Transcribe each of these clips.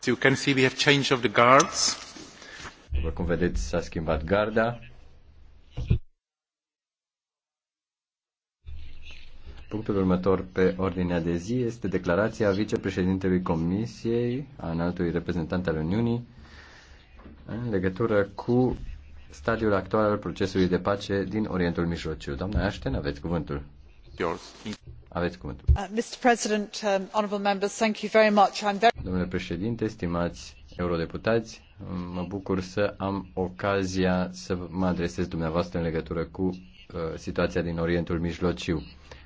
So you can see we have change of the guards. După cum vedeți, s-a schimbat garda. Punctul următor pe ordinea de zi este declarația vicepreședintelui Comisiei, a înaltului reprezentant al Uniunii, în legătură cu stadiul actual al procesului de pace din Orientul Mijlociu. Doamna Ashton, aveți cuvântul. Yours. Domnule președinte, stimați eurodeputați, mă bucur să am ocazia să mă adresez dumneavoastră în legătură cu uh, situația din Orientul Mijlociu.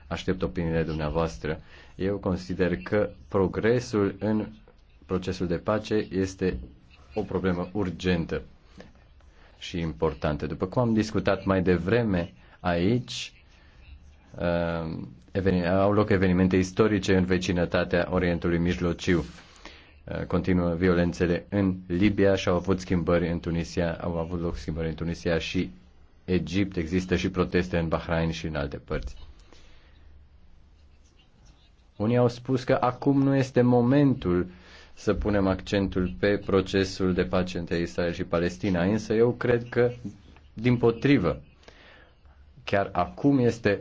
Aștept opiniile dumneavoastră. Eu consider că progresul în procesul de pace este o problemă urgentă și importantă. După cum am discutat mai devreme aici, Uh, au loc evenimente istorice în vecinătatea Orientului Mijlociu. Uh, continuă violențele în Libia și au avut schimbări în Tunisia, au avut loc schimbări în Tunisia și Egipt, există și proteste în Bahrain și în alte părți. Unii au spus că acum nu este momentul să punem accentul pe procesul de pace între Israel și Palestina, însă eu cred că, din potrivă, chiar acum este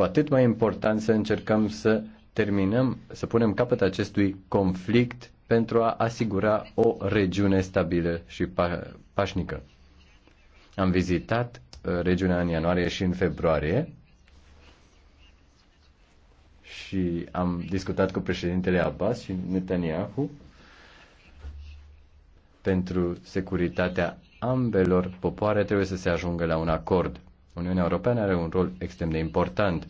cu atât mai important să încercăm să terminăm, să punem capăt acestui conflict pentru a asigura o regiune stabilă și pa- pașnică. Am vizitat uh, regiunea în ianuarie și în februarie și am discutat cu președintele Abbas și Netanyahu pentru securitatea ambelor popoare trebuie să se ajungă la un acord. Uniunea Europeană are un rol extrem de important.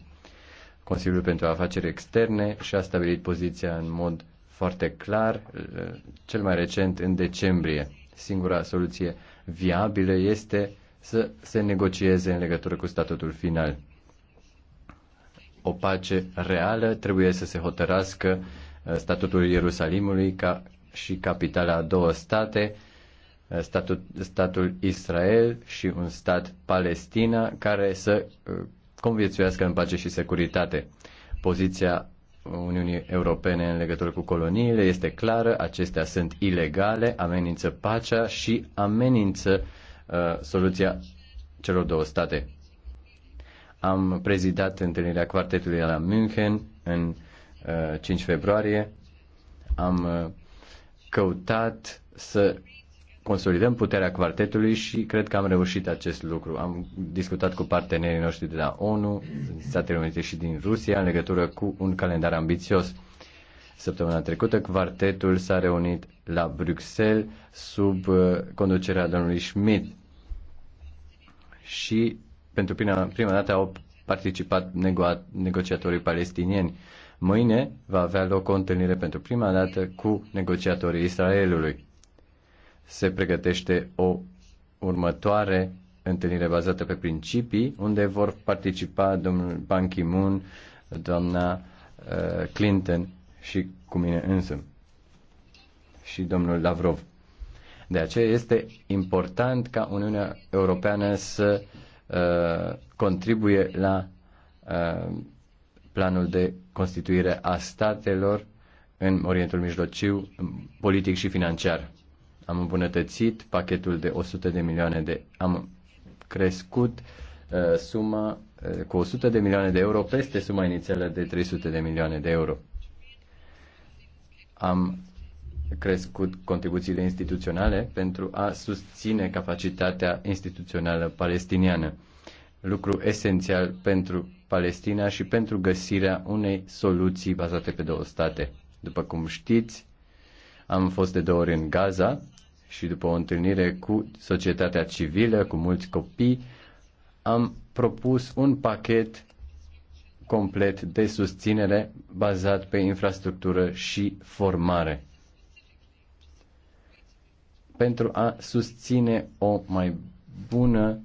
Consiliul pentru Afaceri Externe și-a stabilit poziția în mod foarte clar, eh, cel mai recent în decembrie. Singura soluție viabilă este să se negocieze în legătură cu statutul final. O pace reală trebuie să se hotărască eh, statutul Ierusalimului ca și capitala a două state statul, statul Israel și un stat Palestina care să uh, conviețuiască în pace și securitate. Poziția Uniunii Europene în legătură cu coloniile este clară, acestea sunt ilegale, amenință pacea și amenință uh, soluția celor două state. Am prezidat întâlnirea quartetului la München în uh, 5 februarie. Am uh, căutat să consolidăm puterea quartetului și cred că am reușit acest lucru. Am discutat cu partenerii noștri de la ONU, din Statele Unite și din Rusia în legătură cu un calendar ambițios. Săptămâna trecută, quartetul s-a reunit la Bruxelles sub uh, conducerea domnului Schmidt și pentru prima, prima dată au participat nego- negociatorii palestinieni. Mâine va avea loc o întâlnire pentru prima dată cu negociatorii Israelului se pregătește o următoare întâlnire bazată pe principii, unde vor participa domnul Ban Ki-moon, doamna uh, Clinton și cu mine însă și domnul Lavrov. De aceea este important ca Uniunea Europeană să uh, contribuie la uh, planul de constituire a statelor în Orientul Mijlociu, politic și financiar. Am îmbunătățit pachetul de 100 de milioane de... Am crescut uh, suma uh, cu 100 de milioane de euro peste suma inițială de 300 de milioane de euro. Am crescut contribuțiile instituționale pentru a susține capacitatea instituțională palestiniană, lucru esențial pentru Palestina și pentru găsirea unei soluții bazate pe două state. După cum știți, am fost de două ori în Gaza și după o întâlnire cu societatea civilă, cu mulți copii, am propus un pachet complet de susținere bazat pe infrastructură și formare pentru a susține o mai bună,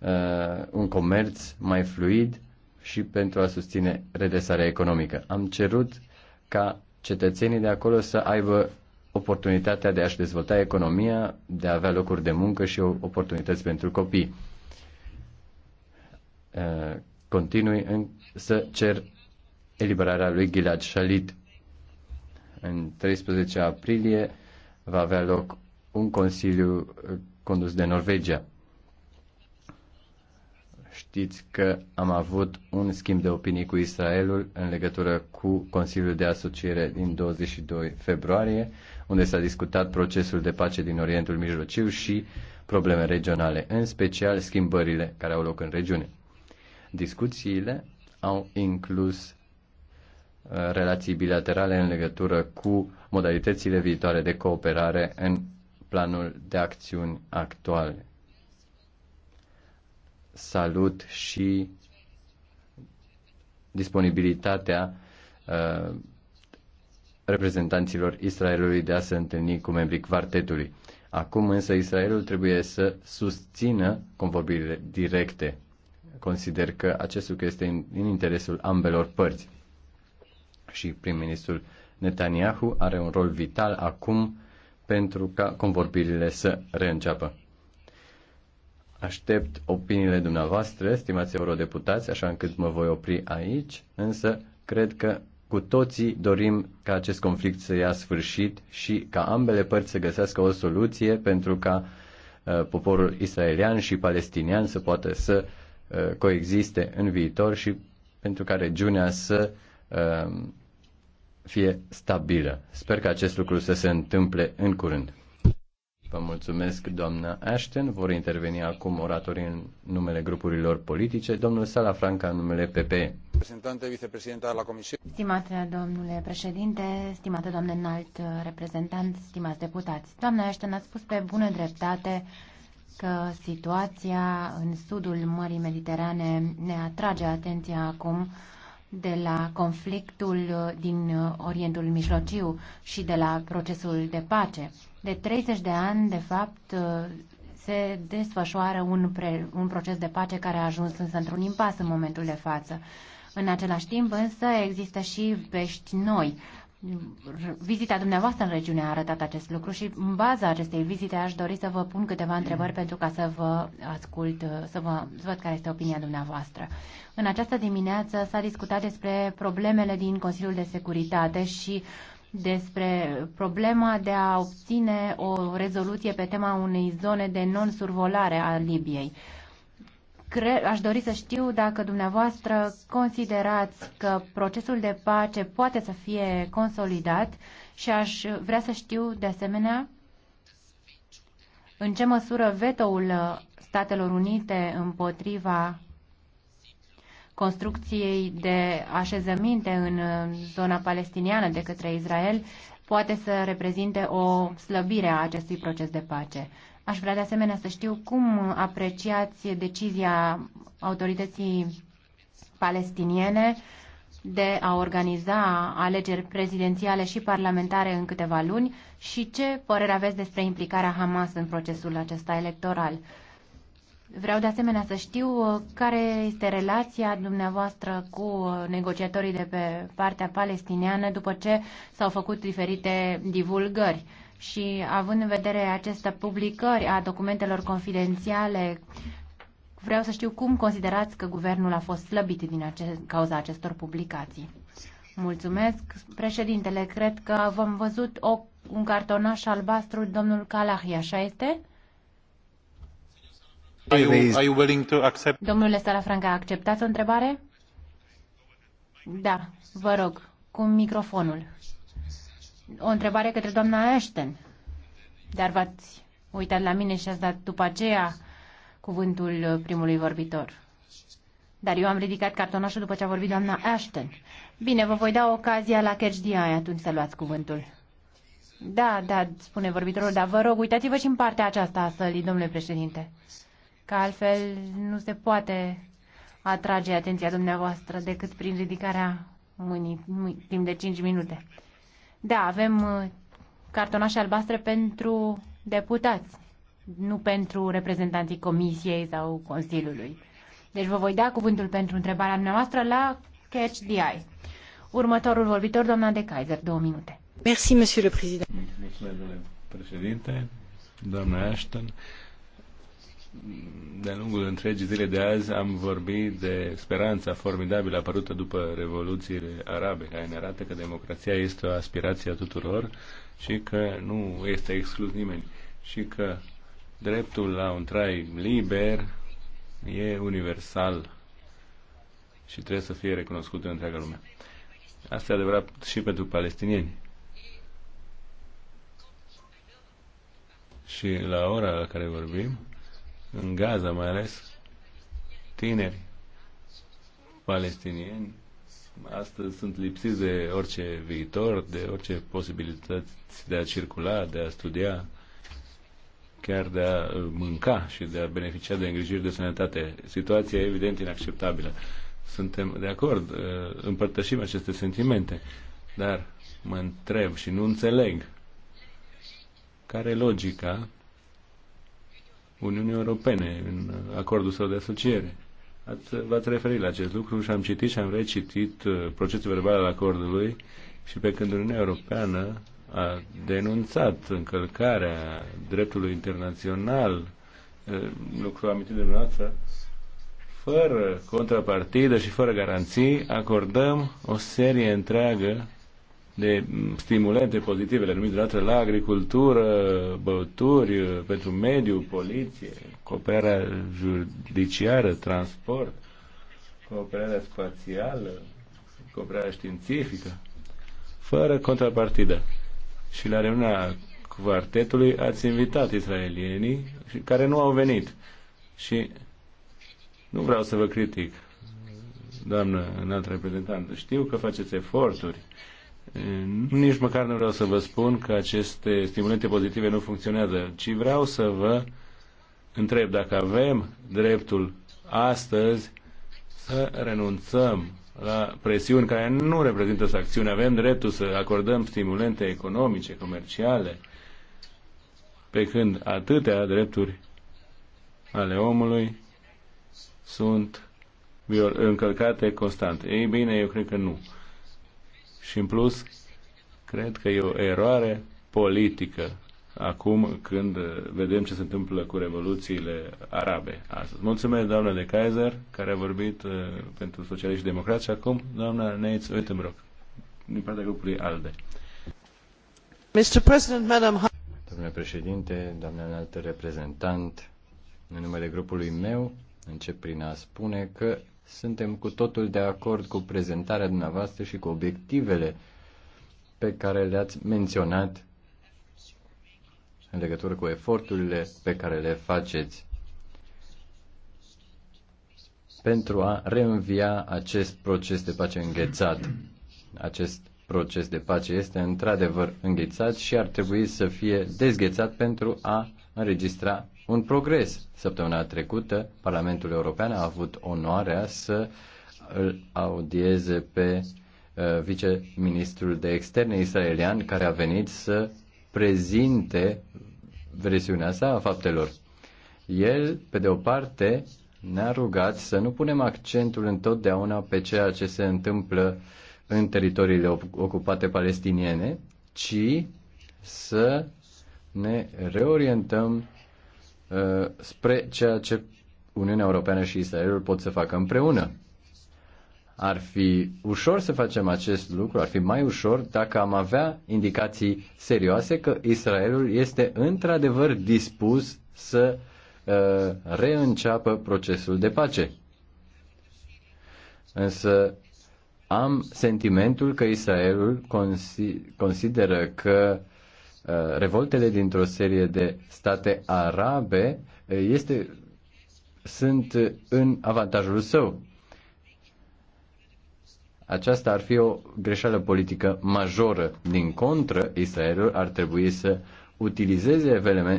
uh, un comerț mai fluid și pentru a susține redresarea economică. Am cerut ca cetățenii de acolo să aibă oportunitatea de a-și dezvolta economia, de a avea locuri de muncă și oportunități pentru copii. Uh, continui în, să cer eliberarea lui Gilad Shalit. În 13 aprilie va avea loc un consiliu uh, condus de Norvegia știți că am avut un schimb de opinii cu Israelul în legătură cu Consiliul de Asociere din 22 februarie, unde s-a discutat procesul de pace din Orientul Mijlociu și probleme regionale, în special schimbările care au loc în regiune. Discuțiile au inclus uh, relații bilaterale în legătură cu modalitățile viitoare de cooperare în planul de acțiuni actuale salut și disponibilitatea uh, reprezentanților Israelului de a se întâlni cu membrii quartetului. Acum însă Israelul trebuie să susțină convorbirile directe. Consider că acest lucru este în, în interesul ambelor părți. Și prim-ministrul Netanyahu are un rol vital acum pentru ca convorbirile să reînceapă. Aștept opiniile dumneavoastră, stimați eurodeputați, așa încât mă voi opri aici, însă cred că cu toții dorim ca acest conflict să ia sfârșit și ca ambele părți să găsească o soluție pentru ca uh, poporul israelian și palestinian să poată să uh, coexiste în viitor și pentru ca regiunea să uh, fie stabilă. Sper că acest lucru să se întâmple în curând. Vă mulțumesc, doamna Ashton. Vor interveni acum oratorii în numele grupurilor politice. Domnul Sala Franca în numele PP. Stimate domnule președinte, stimate doamne înalt reprezentant, stimați deputați, doamna Ashton a spus pe bună dreptate că situația în sudul Mării Mediterane ne atrage atenția acum de la conflictul uh, din uh, Orientul Mijlociu și de la procesul de pace. De 30 de ani, de fapt, uh, se desfășoară un, pre, un proces de pace care a ajuns însă într-un impas în momentul de față. În același timp, însă, există și vești noi. Vizita dumneavoastră în regiune a arătat acest lucru și în baza acestei vizite aș dori să vă pun câteva întrebări pentru ca să vă ascult, să, vă, să văd care este opinia dumneavoastră. În această dimineață s-a discutat despre problemele din Consiliul de Securitate și despre problema de a obține o rezoluție pe tema unei zone de non-survolare a Libiei. Uh, cre- aș dori să știu dacă dumneavoastră considerați că procesul de pace poate să fie consolidat și aș vrea să știu de asemenea în ce măsură vetoul Statelor Unite împotriva construcției de așezăminte în zona palestiniană de către Israel poate să reprezinte o slăbire a acestui proces de pace. Aș vrea de asemenea să știu cum apreciați decizia autorității palestiniene de a organiza alegeri prezidențiale și parlamentare în câteva luni și ce părere aveți despre implicarea Hamas în procesul acesta electoral. Vreau de asemenea să știu uh, care este relația dumneavoastră cu negociatorii de pe partea palestiniană după ce s-au făcut diferite divulgări și având în vedere aceste publicări a documentelor confidențiale, vreau să știu cum considerați că guvernul a fost slăbit din acest, cauza acestor publicații. Mulțumesc, președintele. Cred că v-am văzut o, un cartonaș albastru, domnul Kalahi, așa este? Are you, are you willing to accept? Domnule Salafranca, acceptați o întrebare? Da, vă rog, cu microfonul o întrebare către doamna Ashton. Dar v-ați uitat la mine și ați dat după aceea cuvântul primului vorbitor. Dar eu am ridicat cartonașul după ce a vorbit doamna Ashton. Bine, vă voi da ocazia la Catch DI atunci să luați cuvântul. Da, da, spune vorbitorul, dar vă rog, uitați-vă și în partea aceasta a sălii, domnule președinte. Că altfel nu se poate atrage atenția dumneavoastră decât prin ridicarea mâinii timp de 5 minute. Da, avem uh, cartonașe albastre pentru deputați, nu pentru reprezentanții Comisiei sau Consiliului. Deci vă voi da cuvântul pentru întrebarea noastră la Catch the Eye. Următorul vorbitor, doamna de Kaiser, două minute. Mersi, monsieur le Mulțumesc, domnule președinte, doamna Ashton de-a lungul întregii zile de azi am vorbit de speranța formidabilă apărută după revoluțiile arabe, care ne arată că democrația este o aspirație a tuturor și că nu este exclus nimeni și că dreptul la un trai liber e universal și trebuie să fie recunoscut în întreaga lume. Asta e adevărat și pentru palestinieni. Și la ora la care vorbim, în Gaza mai ales, tineri palestinieni astăzi sunt lipsiți de orice viitor, de orice posibilități de a circula, de a studia, chiar de a uh, mânca și de a beneficia de îngrijiri de sănătate. Situația evident inacceptabilă. Suntem de acord, uh, împărtășim aceste sentimente, dar mă întreb și nu înțeleg care e logica Uniunii Europene în acordul său de asociere. V-ați referit la acest lucru și am citit și am recitit uh, procesul verbal al acordului și pe când Uniunea Europeană a denunțat încălcarea dreptului internațional, uh, lucru amintit de dumneavoastră, fără contrapartidă și fără garanții, acordăm o serie întreagă de stimulente pozitive, le numim deodată la agricultură, băuturi, pentru mediu, poliție, cooperarea judiciară, transport, cooperarea spațială, cooperarea științifică, fără contrapartidă. Și la reuniunea quartetului ați invitat israelienii care nu au venit. Și nu vreau să vă critic, doamnă înalt reprezentant, știu că faceți eforturi nici măcar nu vreau să vă spun că aceste stimulente pozitive nu funcționează, ci vreau să vă întreb dacă avem dreptul astăzi să renunțăm la presiuni care nu reprezintă sancțiuni. Avem dreptul să acordăm stimulente economice, comerciale, pe când atâtea drepturi ale omului sunt încălcate constant. Ei bine, eu cred că nu. Și în plus, cred că e o eroare politică acum când uh, vedem ce se întâmplă cu revoluțiile arabe astăzi. Mulțumesc, doamna de Kaiser, care a vorbit uh, pentru socialiști și democrați și acum doamna Neitz Uitenbrock, din partea grupului ALDE. Mr. President, Madam... Domnule președinte, doamna înaltă reprezentant, în numele grupului meu, încep prin a spune că suntem cu totul de acord cu prezentarea dumneavoastră și cu obiectivele pe care le-ați menționat în legătură cu eforturile pe care le faceți pentru a reînvia acest proces de pace înghețat. Acest proces de pace este într-adevăr înghețat și ar trebui să fie dezghețat pentru a înregistra un progres. Săptămâna trecută, Parlamentul European a avut onoarea să îl audieze pe uh, viceministrul de externe israelian care a venit să prezinte versiunea sa a faptelor. El, pe de o parte, ne-a rugat să nu punem accentul întotdeauna pe ceea ce se întâmplă în teritoriile ocupate palestiniene, ci să ne reorientăm Uh, spre ceea ce Uniunea Europeană și Israelul pot să facă împreună. Ar fi ușor să facem acest lucru, ar fi mai ușor dacă am avea indicații serioase că Israelul este într-adevăr dispus să uh, reînceapă procesul de pace. Însă am sentimentul că Israelul consideră că uh, Uh, revoltele dintr-o serie de state arabe uh, este, sunt în avantajul său. Aceasta ar fi o greșeală politică majoră. Din contră, Israelul ar trebui să utilizeze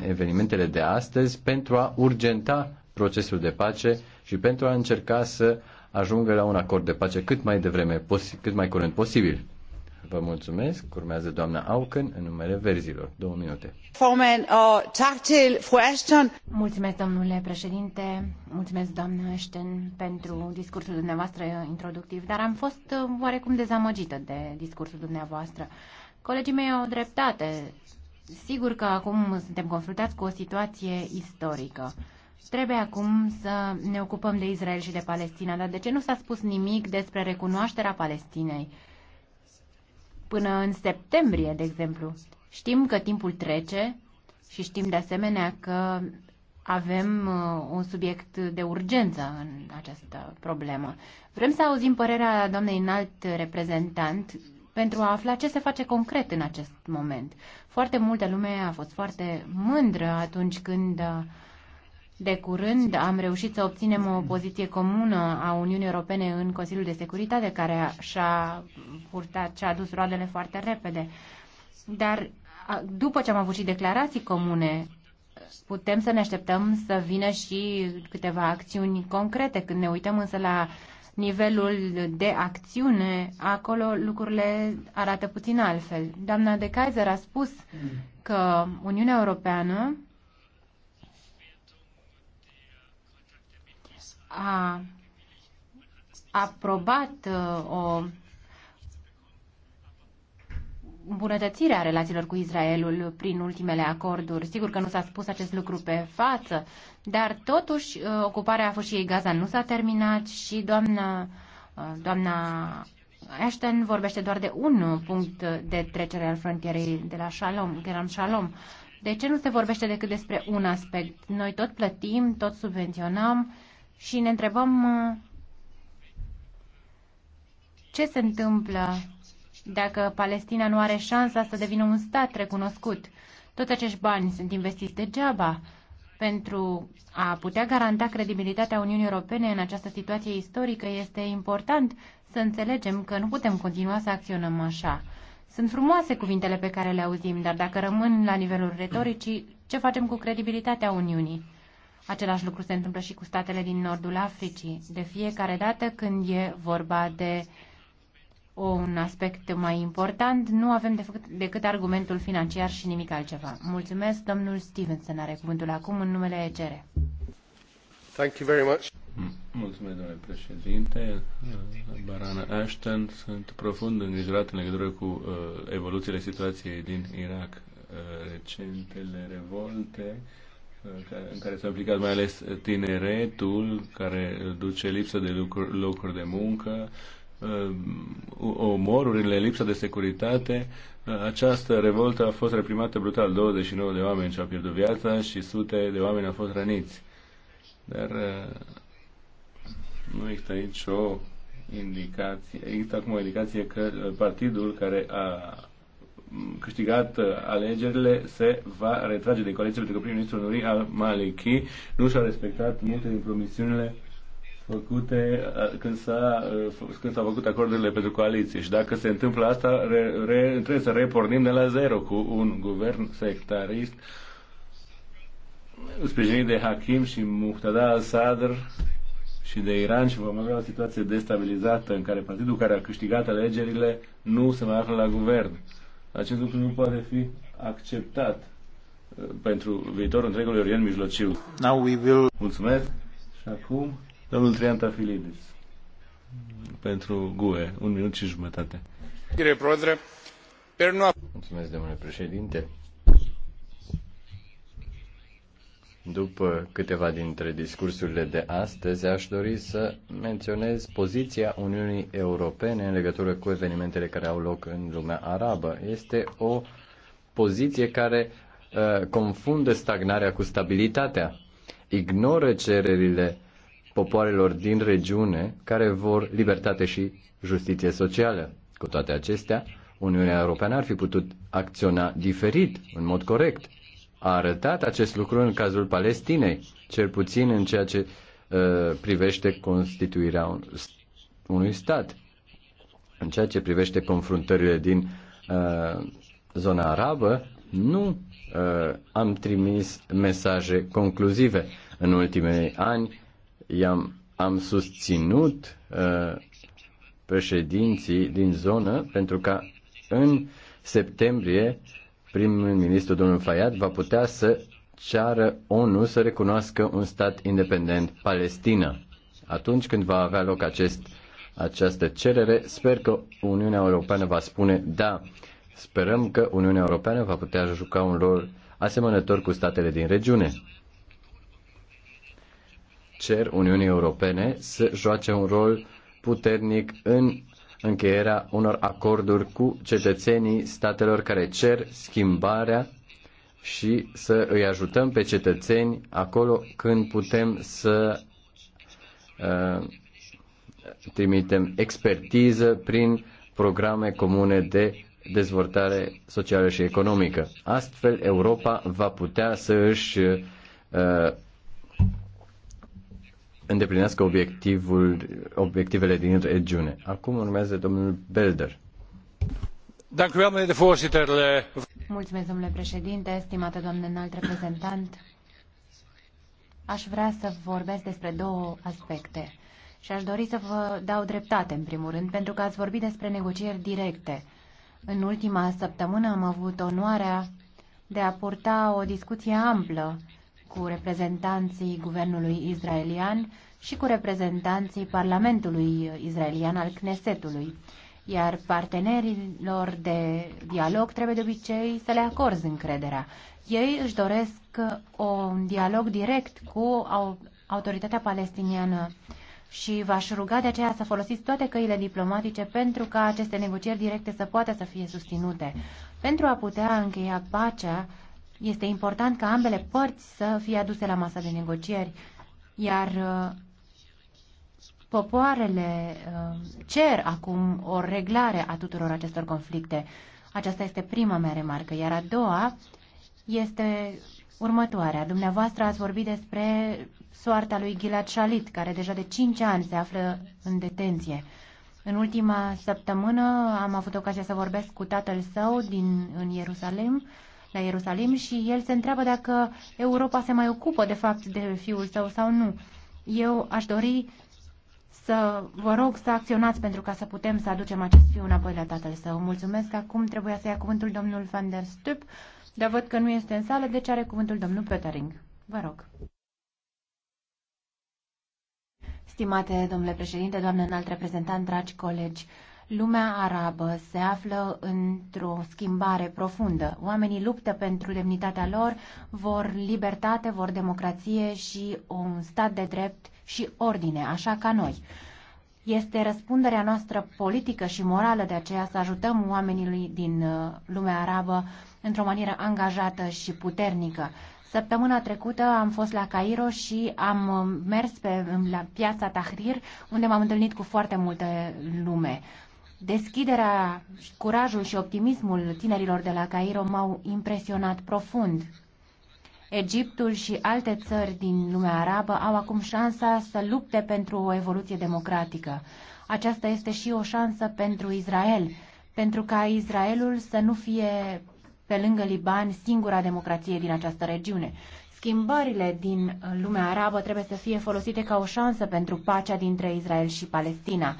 evenimentele de astăzi pentru a urgenta procesul de pace și pentru a încerca să ajungă la un acord de pace cât mai devreme, cât mai curând posibil. Vă mulțumesc. Urmează doamna Auken în numele verzilor. Două minute. Uh, mulțumesc, domnule președinte. Mulțumesc, doamna Ashton, pentru discursul dumneavoastră introductiv, dar am fost uh, oarecum dezamăgită de discursul dumneavoastră. Colegii mei au dreptate. Sigur că acum suntem confruntați cu o situație istorică. Trebuie acum să ne ocupăm de Israel și de Palestina, dar de ce nu s-a spus nimic despre recunoașterea Palestinei? până în septembrie, de exemplu. Știm că timpul trece și știm de asemenea că avem uh, un subiect de urgență în această problemă. Vrem să auzim părerea doamnei înalt reprezentant pentru a afla ce se face concret în acest moment. Foarte multă lume a fost foarte mândră atunci când uh, de curând am reușit să obținem o poziție comună a Uniunii Europene în Consiliul de Securitate, care și-a purtat, și-a adus roadele foarte repede. Dar după ce am avut și declarații comune, putem să ne așteptăm să vină și câteva acțiuni concrete. Când ne uităm însă la nivelul de acțiune, acolo lucrurile arată puțin altfel. Doamna de Kaiser a spus că Uniunea Europeană a aprobat uh, o îmbunătățire a relațiilor cu Israelul prin ultimele acorduri. Sigur că nu s-a spus acest lucru pe față, dar totuși uh, ocuparea a fâșiei Gaza nu s-a terminat și doamna, uh, doamna Ashton vorbește doar de un punct de trecere al frontierei de la Shalom, Geram Shalom. De ce nu se vorbește decât despre un aspect? Noi tot plătim, tot subvenționăm, și ne întrebăm uh, ce se întâmplă dacă Palestina nu are șansa să devină un stat recunoscut. Toți acești bani sunt investiți degeaba pentru a putea garanta credibilitatea Uniunii Europene în această situație istorică, este important să înțelegem că nu putem continua să acționăm așa. Sunt frumoase cuvintele pe care le auzim, dar dacă rămân la nivelul retoricii, ce facem cu credibilitatea Uniunii? Același lucru se întâmplă și cu statele din nordul Africii. De fiecare dată când e vorba de un aspect mai important, nu avem de făcut decât argumentul financiar și nimic altceva. Mulțumesc, domnul Stevenson are cuvântul acum în numele ECR. Thank you very much. Mulțumesc, domnule președinte. Barana Ashton, sunt profund îngrijorat în legătură cu uh, evoluțiile situației din Irak, uh, recentele revolte, uh, în care s-a implicat mai ales tineretul, care duce lipsă de lucruri, locuri de muncă, um, omorurile, lipsa de securitate. Această revoltă a fost reprimată brutal. 29 de oameni și-au pierdut viața și sute de oameni au fost răniți. Dar uh, nu există aici o indicație. Există acum o indicație că uh, partidul care a câștigat uh, alegerile, se va retrage de coaliție pentru că primul ministru Nuri al-Maliki nu și-a respectat multe din promisiunile făcute uh, când s-a, uh, când s făcut acordurile pentru coaliție. Și dacă se întâmplă asta, re, re, trebuie să repornim de la zero cu un guvern sectarist sprijinit de Hakim și Muhtada al-Sadr și de Iran și vom avea o situație destabilizată în care partidul care a câștigat alegerile nu se mai află la guvern. Acest lucru nu poate fi acceptat uh, pentru viitorul întregului Orient Mijlociu. Now we will... Mulțumesc. Și acum, domnul Trian Tafilidis. Pentru GUE, un minut și jumătate. Mulțumesc, domnule președinte. După câteva dintre discursurile de astăzi, aș dori să menționez poziția Uniunii Europene în legătură cu evenimentele care au loc în lumea arabă. Este o poziție care uh, confundă stagnarea cu stabilitatea, ignoră cererile popoarelor din regiune care vor libertate și justiție socială. Cu toate acestea, Uniunea Europeană ar fi putut acționa diferit, în mod corect, a arătat acest lucru în cazul Palestinei, cel puțin în ceea ce uh, privește constituirea un, unui stat. În ceea ce privește confruntările din uh, zona arabă, nu uh, am trimis mesaje concluzive. În ultimele ani i-am, am susținut uh, președinții din zonă pentru ca în septembrie uh, primul ministru domnul Fayad va putea să ceară ONU să recunoască un stat independent, Palestina. Atunci când va avea loc acest, această cerere, sper că Uniunea Europeană va spune da. Sperăm că Uniunea Europeană va putea juca un rol asemănător cu statele din regiune. Cer Uniunii Europene să joace un rol puternic în încheierea unor acorduri cu cetățenii statelor care cer schimbarea și să îi ajutăm pe cetățeni acolo când putem să uh, trimitem expertiză prin programe comune de dezvoltare socială și economică. Astfel, Europa va putea să își uh, îndeplinească obiectivul, obiectivele din regiune. Acum urmează domnul Belder. Eh, Mulțumesc, domnule președinte, stimată doamnă înalt reprezentant. Aș vrea să vorbesc despre două aspecte și aș dori să vă dau dreptate, în primul rând, pentru că ați vorbit despre negocieri directe. În ultima săptămână am avut onoarea de a purta o discuție amplă cu reprezentanții guvernului israelian și cu reprezentanții Parlamentului israelian al Knesetului, iar partenerilor de dialog trebuie de obicei să le acorzi încrederea. Ei își doresc un dialog direct cu autoritatea palestiniană și v-aș ruga de aceea să folosiți toate căile diplomatice pentru ca aceste negocieri directe să poată să fie susținute. Pentru a putea încheia pacea, este important ca ambele părți să fie aduse la masa de negocieri, iar uh, popoarele uh, cer acum o reglare a tuturor acestor conflicte. Aceasta este prima mea remarcă, iar a doua este următoarea. Dumneavoastră ați vorbit despre soarta lui Gilad Shalit, care deja de 5 ani se află în detenție. În ultima săptămână am avut ocazia să vorbesc cu tatăl său din, în Ierusalim la Ierusalim și el se întreabă dacă Europa se mai ocupă de fapt de fiul său sau nu. Eu aș dori să vă rog să acționați pentru ca să putem să aducem acest fiu înapoi la tatăl său. Mulțumesc. Acum trebuia să ia cuvântul domnul Van der Stup, dar văd că nu este în sală, deci are cuvântul domnul Petering. Vă rog. Stimate domnule președinte, doamne, înalt reprezentant, dragi colegi, Lumea arabă se află într-o schimbare profundă. Oamenii luptă pentru demnitatea lor, vor libertate, vor democrație și un stat de drept și ordine, așa ca noi. Este răspunderea noastră politică și morală de aceea să ajutăm oamenii din uh, lumea arabă într-o manieră angajată și puternică. Săptămâna trecută am fost la Cairo și am uh, mers pe, la piața Tahrir, unde m-am întâlnit cu foarte multe lume. Deschiderea, curajul și optimismul tinerilor de la Cairo m-au impresionat profund. Egiptul și alte țări din lumea arabă au acum șansa să lupte pentru o evoluție democratică. Aceasta este și o șansă pentru Israel, pentru ca Israelul să nu fie pe lângă Liban singura democrație din această regiune. Schimbările din lumea arabă trebuie să fie folosite ca o șansă pentru pacea dintre Israel și Palestina.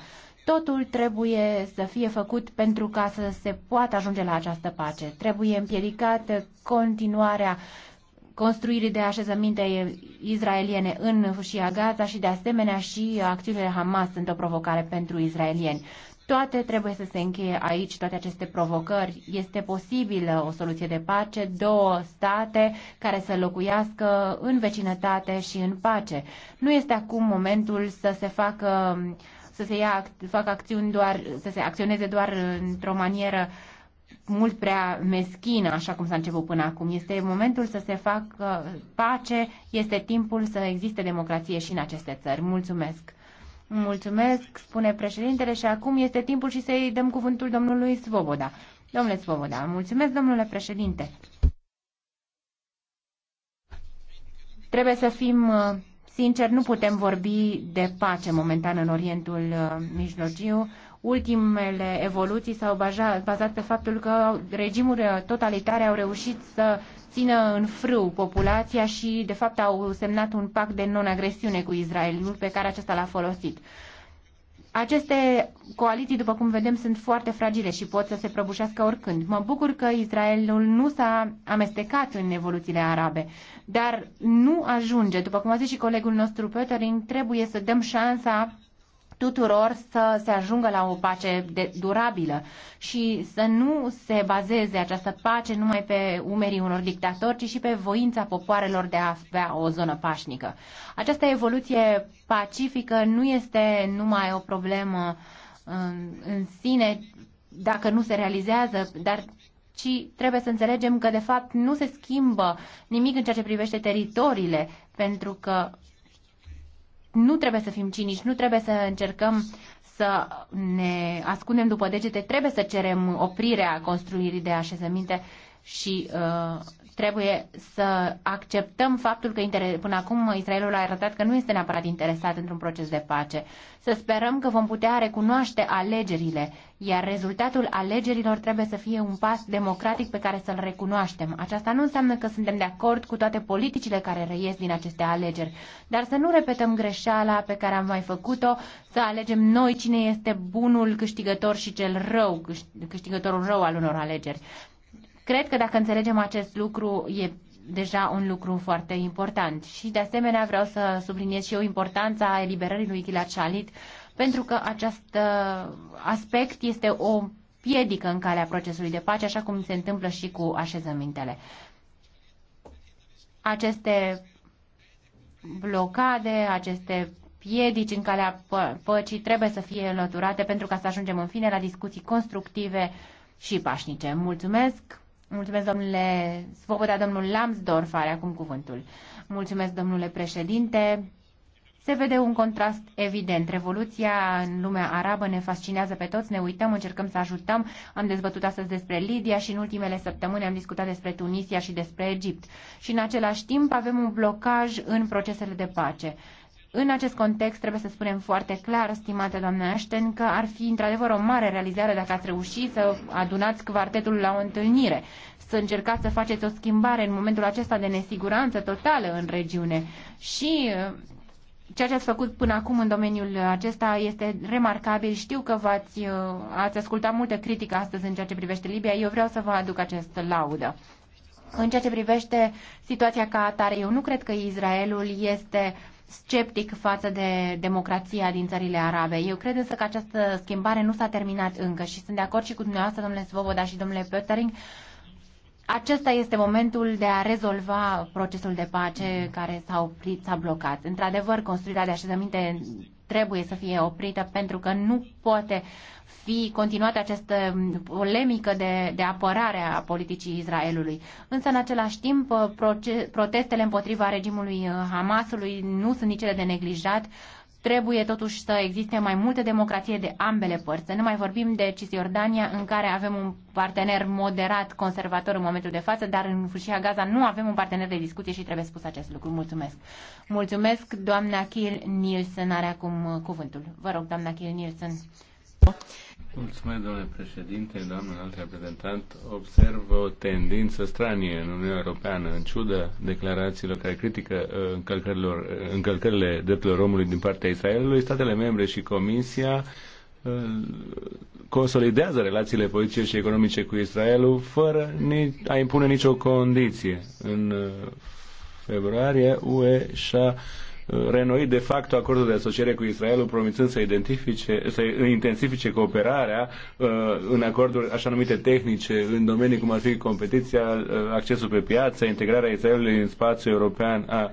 Totul trebuie să fie făcut pentru ca să se poată ajunge la această pace. Trebuie împiedicată continuarea construirii de așezăminte izraeliene în fâșia Gaza și de asemenea și acțiunile Hamas sunt o provocare pentru izraelieni. Toate trebuie să se încheie aici, toate aceste provocări. Este posibilă o soluție de pace, două state care să locuiască în vecinătate și în pace. Nu este acum momentul să se facă uh, să se ia, facă acțiuni doar, să se acționeze doar într-o manieră mult prea meschină, așa cum s-a început până acum. Este momentul să se facă pace, este timpul să existe democrație și în aceste țări. Mulțumesc! Mulțumesc, spune președintele, și acum este timpul și să-i dăm cuvântul domnului Svoboda. Domnule Svoboda, mulțumesc, domnule președinte. Trebuie să fim uh, Sincer, nu putem vorbi de pace momentan în Orientul uh, Mijlociu. Ultimele evoluții s-au bazat pe faptul că regimuri totalitare au reușit să țină în frâu populația și, de fapt, au semnat un pact de non-agresiune cu Israelul pe care acesta l-a folosit. Aceste coaliții, după cum vedem, sunt foarte fragile și pot să se prăbușească oricând. Mă bucur că Israelul nu s-a amestecat în evoluțiile arabe, dar nu ajunge. După cum a zis și colegul nostru Petering, trebuie să dăm șansa tuturor să se ajungă la o pace de, durabilă și să nu se bazeze această pace numai pe umerii unor dictatori, ci și pe voința popoarelor de a avea o zonă pașnică. Această evoluție pacifică nu este numai o problemă în, în sine dacă nu se realizează, dar ci trebuie să înțelegem că, de fapt, nu se schimbă nimic în ceea ce privește teritoriile, pentru că nu trebuie să fim cinici, nu trebuie să încercăm să ne ascundem după degete, trebuie să cerem oprirea construirii de așezăminte și uh, Trebuie să acceptăm faptul că până acum Israelul a arătat că nu este neapărat interesat într-un proces de pace. Să sperăm că vom putea recunoaște alegerile, iar rezultatul alegerilor trebuie să fie un pas democratic pe care să-l recunoaștem. Aceasta nu înseamnă că suntem de acord cu toate politicile care reies din aceste alegeri, dar să nu repetăm greșeala pe care am mai făcut-o, să alegem noi cine este bunul câștigător și cel rău, câștigătorul rău al unor alegeri. Cred că dacă înțelegem acest lucru, e deja un lucru foarte important. Și de asemenea vreau să subliniez și eu importanța eliberării lui Gilad Shalit, pentru că acest uh, aspect este o piedică în calea procesului de pace, așa cum se întâmplă și cu așezămintele. Aceste blocade, aceste piedici în calea păcii trebuie să fie înlăturate pentru ca să ajungem în fine la discuții constructive și pașnice. Mulțumesc! Mulțumesc, domnule Svoboda, domnul Lambsdorff are acum cuvântul. Mulțumesc, domnule președinte. Se vede un contrast evident. Revoluția în lumea arabă ne fascinează pe toți, ne uităm, încercăm să ajutăm. Am dezbătut astăzi despre Libia și în ultimele săptămâni am discutat despre Tunisia și despre Egipt. Și în același timp avem un blocaj în procesele de pace. În acest context, trebuie să spunem foarte clar, stimate doamne Ashton, că ar fi într-adevăr o mare realizare dacă ați reușit să adunați quartetul la o întâlnire, să încercați să faceți o schimbare în momentul acesta de nesiguranță totală în regiune. Și uh, ceea ce ați făcut până acum în domeniul acesta este remarcabil. Știu că v-ați, uh, ați ascultat multă critică astăzi în ceea ce privește Libia. Eu vreau să vă aduc această laudă. În ceea ce privește situația ca atare, eu nu cred că Israelul este sceptic față de democrația din țările arabe. Eu cred însă că această schimbare nu s-a terminat încă și sunt de acord și cu dumneavoastră, domnule Svoboda și domnule Pöttering, acesta este momentul de a rezolva procesul de pace care s-a oprit, s-a blocat. Într-adevăr, construirea de așezăminte trebuie să fie oprită pentru că nu poate uh, fi continuată această polemică de, de apărare a politicii Israelului. Însă, în același timp, proces, protestele împotriva regimului uh, Hamasului nu sunt nici de neglijat. Trebuie totuși să existe mai multă democrație de ambele părți. Să nu mai vorbim de Cisjordania, în care avem un partener moderat, conservator în momentul de față, dar în Fâșia Gaza nu avem un partener de discuție și trebuie spus acest lucru. Mulțumesc. Mulțumesc, doamna Kiel Nielsen are acum uh, cuvântul. Vă rog, doamna Kiel Nielsen. Mulțumesc, domnule președinte, doamnă alt reprezentant. Observ o tendință stranie în Uniunea Europeană, în ciuda declarațiilor care critică uh, uh, încălcările drepturilor omului din partea Israelului. Statele membre și Comisia uh, consolidează relațiile politice și economice cu Israelul fără a impune nicio condiție. În februarie, UE și-a renoit de facto acordul de asociere cu Israelul, promițând să, identifice, să intensifice cooperarea uh, în acorduri așa numite tehnice, în domenii cum ar fi competiția, uh, accesul pe piață, integrarea Israelului în spațiul european a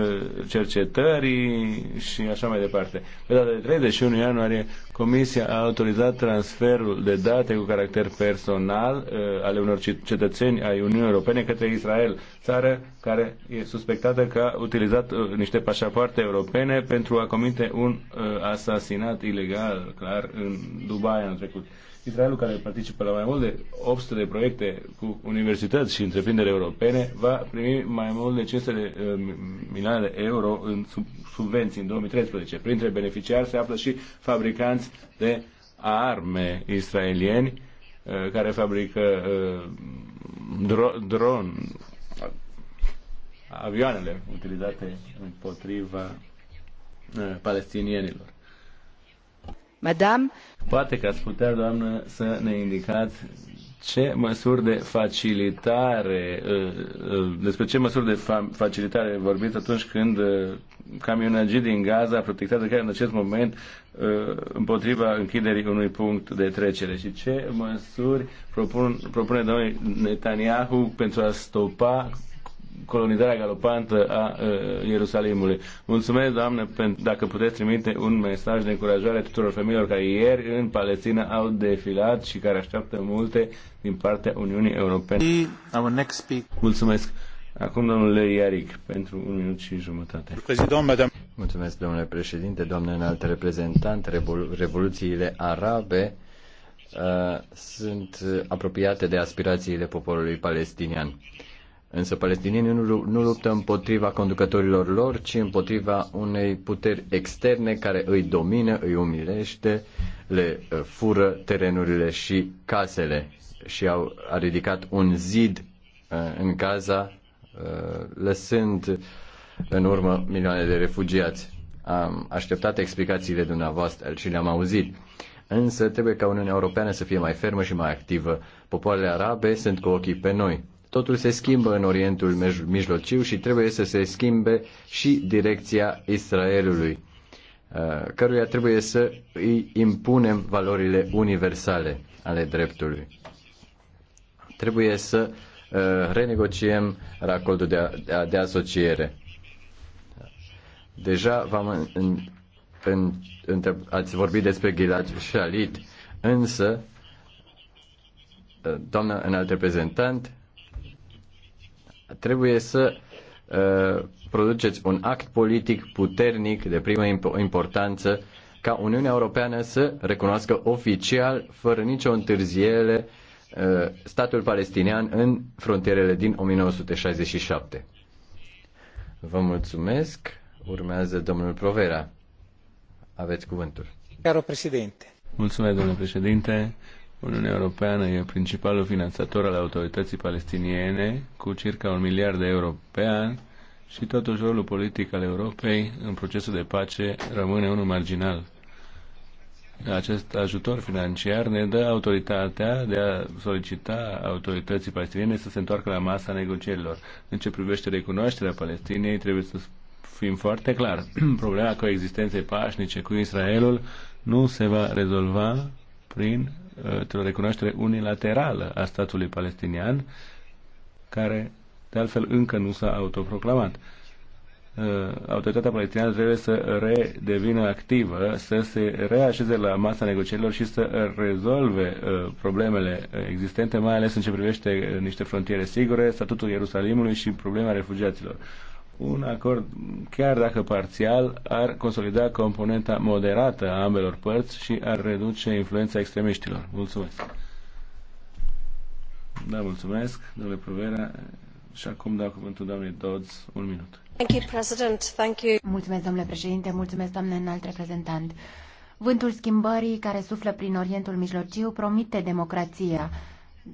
Uh, cercetării și așa mai departe. Pe data de 31 ianuarie, Comisia a autorizat transferul de date cu caracter personal uh, ale unor cetățeni ai Uniunii Europene către Israel, țară care e suspectată că a utilizat uh, niște pașapoarte europene pentru a comite un asasinat ilegal, clar, în Dubai anul trecut. Israelul, care participă la mai mult de 800 de proiecte cu universități și întreprinderi europene, va primi mai mult de 500 de uh, milioane de euro în sub, subvenții în 2013. Printre beneficiari se află și fabricanți de arme israelieni uh, care fabrică uh, dro- dron, avioanele utilizate împotriva uh, palestinienilor. Madame? Poate că ați putea, doamnă, să ne indicați ce măsuri de facilitare, uh, uh, despre ce măsuri de facilitare vorbiți atunci când uh, camionagii din Gaza protectează chiar în acest moment împotriva închiderii unui punct de trecere și ce măsuri propun, propune domnul Netanyahu pentru a stopa colonizarea galopantă a uh, Ierusalimului. Mulțumesc, pentru dacă puteți trimite un mesaj de încurajare tuturor femeilor care ieri în Palestina au defilat și care așteaptă multe din partea Uniunii Europene. Mulțumesc. Acum domnule Iaric, pentru un minut și jumătate. Mulțumesc, domnule președinte, doamne înalt reprezentant, revolu- revoluțiile arabe uh, sunt apropiate de aspirațiile poporului palestinian. Însă palestinienii nu, nu luptă împotriva conducătorilor lor, ci împotriva unei puteri externe care îi domină, îi umilește, le uh, fură terenurile și casele și au a ridicat un zid uh, în Gaza, uh, lăsând în urmă milioane de refugiați. Am așteptat explicațiile dumneavoastră și le-am auzit. Însă trebuie ca Uniunea Europeană să fie mai fermă și mai activă. Popoarele arabe sunt cu ochii pe noi Totul se schimbă în Orientul Mijlociu și trebuie să se schimbe și direcția Israelului, uh, căruia trebuie să îi impunem valorile universale ale dreptului. Trebuie să uh, renegociem racordul de, asociere. Deja v-am în, în, ați vorbit despre Gilad Shalit, însă, uh, doamna înalt reprezentant, Trebuie să uh, produceți un act politic puternic de primă importanță ca Uniunea Europeană să recunoască oficial, fără nicio întârziere, uh, statul palestinian în frontierele din 1967. Vă mulțumesc. Urmează domnul Provera. Aveți cuvântul. Caro președinte. Mulțumesc, domnule președinte. Uniunea Europeană e principalul finanțator al autorității palestiniene cu circa un miliard de euro pe an și totuși rolul politic al Europei în procesul de pace rămâne unul marginal. Acest ajutor financiar ne dă autoritatea de a solicita autorității palestiniene să se întoarcă la masa negocierilor. În ce privește recunoașterea Palestinei, trebuie să fim foarte clar. Problema coexistenței pașnice cu Israelul nu se va rezolva prin o recunoaștere unilaterală a statului palestinian, care de altfel încă nu s-a autoproclamat. Uh, autoritatea palestiniană trebuie să redevină activă, să se reașeze la masa negocierilor și să rezolve uh, problemele existente, mai ales în ce privește uh, niște frontiere sigure, statutul Ierusalimului și problema refugiaților. Un acord, chiar dacă parțial, ar consolida componenta moderată a ambelor părți și ar reduce influența extremiștilor. Mulțumesc! Da, mulțumesc, domnule Provera. Și acum dau cuvântul doamnei Dodds, un minut. Thank you, President. Thank you. Mulțumesc, domnule președinte, mulțumesc, doamne înalt reprezentant. Vântul schimbării care suflă prin Orientul Mijlociu promite democrația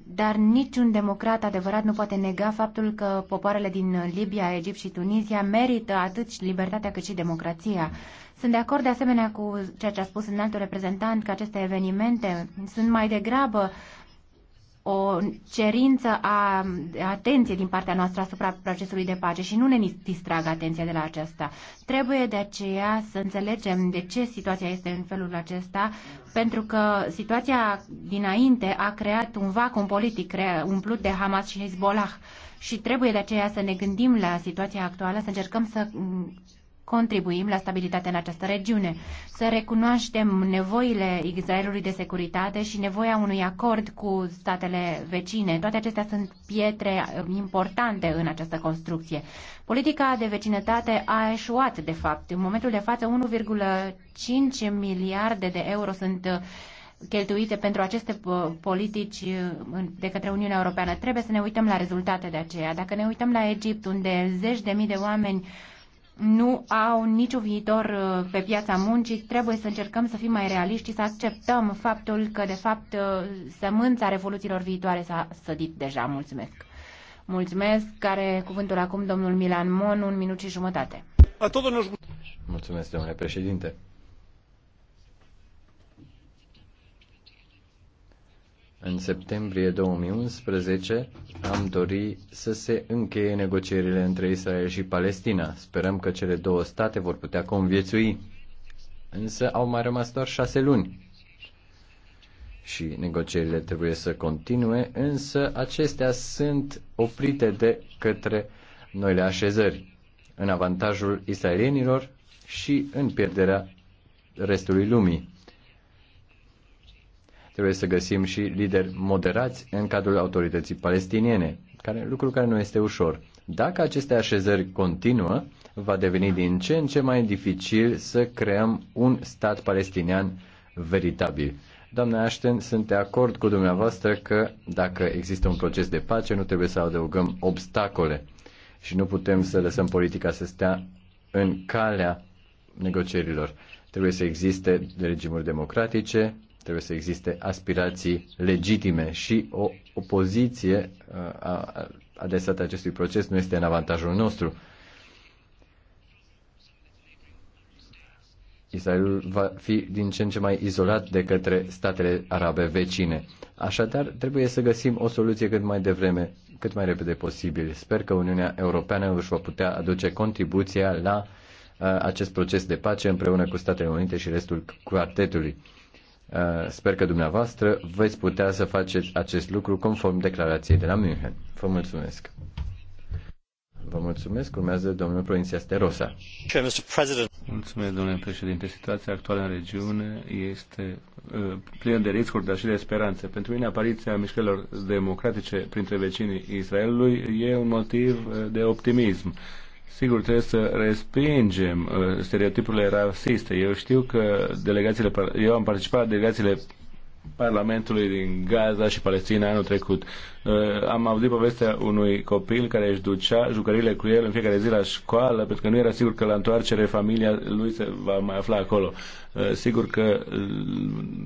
dar niciun democrat adevărat nu poate nega faptul că popoarele din Libia, Egipt și Tunisia merită atât libertatea cât și democrația. Sunt de acord de asemenea cu ceea ce a spus înaltul reprezentant că aceste evenimente sunt mai degrabă o cerință a atenției din partea noastră asupra procesului de pace și nu ne distrag atenția de la aceasta. Trebuie de aceea să înțelegem de ce situația este în felul acesta, pentru că situația dinainte a creat un vacuum politic umplut de Hamas și Hezbollah și trebuie de aceea să ne gândim la situația actuală, să încercăm să contribuim la stabilitatea în această regiune, să recunoaștem nevoile Israelului de securitate și nevoia unui acord cu statele vecine. Toate acestea sunt pietre importante în această construcție. Politica de vecinătate a eșuat, de fapt. În momentul de față, 1,5 miliarde de euro sunt uh, cheltuite pentru aceste uh, politici uh, de către Uniunea Europeană. Trebuie să ne uităm la rezultate de aceea. Dacă ne uităm la Egipt, unde zeci de mii de oameni nu au niciun viitor uh, pe piața muncii, trebuie să încercăm să fim mai realiști și să acceptăm faptul că, de fapt, uh, sămânța revoluțiilor viitoare s-a sădit deja. Mulțumesc! Mulțumesc! Care cuvântul acum domnul Milan Mon, un minut și jumătate. Mulțumesc, domnule președinte! În septembrie 2011 am dori să se încheie negocierile între Israel și Palestina. Sperăm că cele două state vor putea conviețui. Însă au mai rămas doar șase luni și negocierile trebuie să continue, însă acestea sunt oprite de către noile așezări, în avantajul israelienilor și în pierderea restului lumii. Trebuie să găsim și lideri moderați în cadrul autorității palestiniene, care, lucru care nu este ușor. Dacă aceste așezări continuă, va deveni din ce în ce mai dificil să creăm un stat palestinian veritabil. Doamna Ashton, sunt de acord cu dumneavoastră că dacă există un proces de pace, nu trebuie să adăugăm obstacole și nu putem să lăsăm politica să stea în calea negocierilor. Trebuie să existe regimuri democratice, Trebuie să existe aspirații legitime și o opoziție uh, adresată acestui proces nu este în avantajul nostru. Israelul va fi din ce în ce mai izolat de către statele arabe vecine. Așadar, trebuie să găsim o soluție cât mai devreme, cât mai repede posibil. Sper că Uniunea Europeană își va putea aduce contribuția la uh, acest proces de pace împreună cu Statele Unite și restul quartetului. Uh, sper că dumneavoastră veți putea să faceți acest lucru conform declarației de la München. Vă mulțumesc. Vă mulțumesc. Urmează domnul Provinția Sterosa. Mulțumesc, domnule președinte. Situația actuală în regiune este uh, plină de riscuri, dar și de speranțe. Pentru mine, apariția mișcărilor democratice printre vecinii Israelului e un motiv uh, de optimism Sigur, trebuie să respingem uh, stereotipurile rasiste. Eu știu că delegațiile, eu am participat la delegațiile Parlamentului din Gaza și Palestina anul trecut. Uh, am auzit povestea unui copil care își ducea jucările cu el în fiecare zi la școală, pentru că nu era sigur că la întoarcere familia lui se va mai afla acolo. Uh, sigur că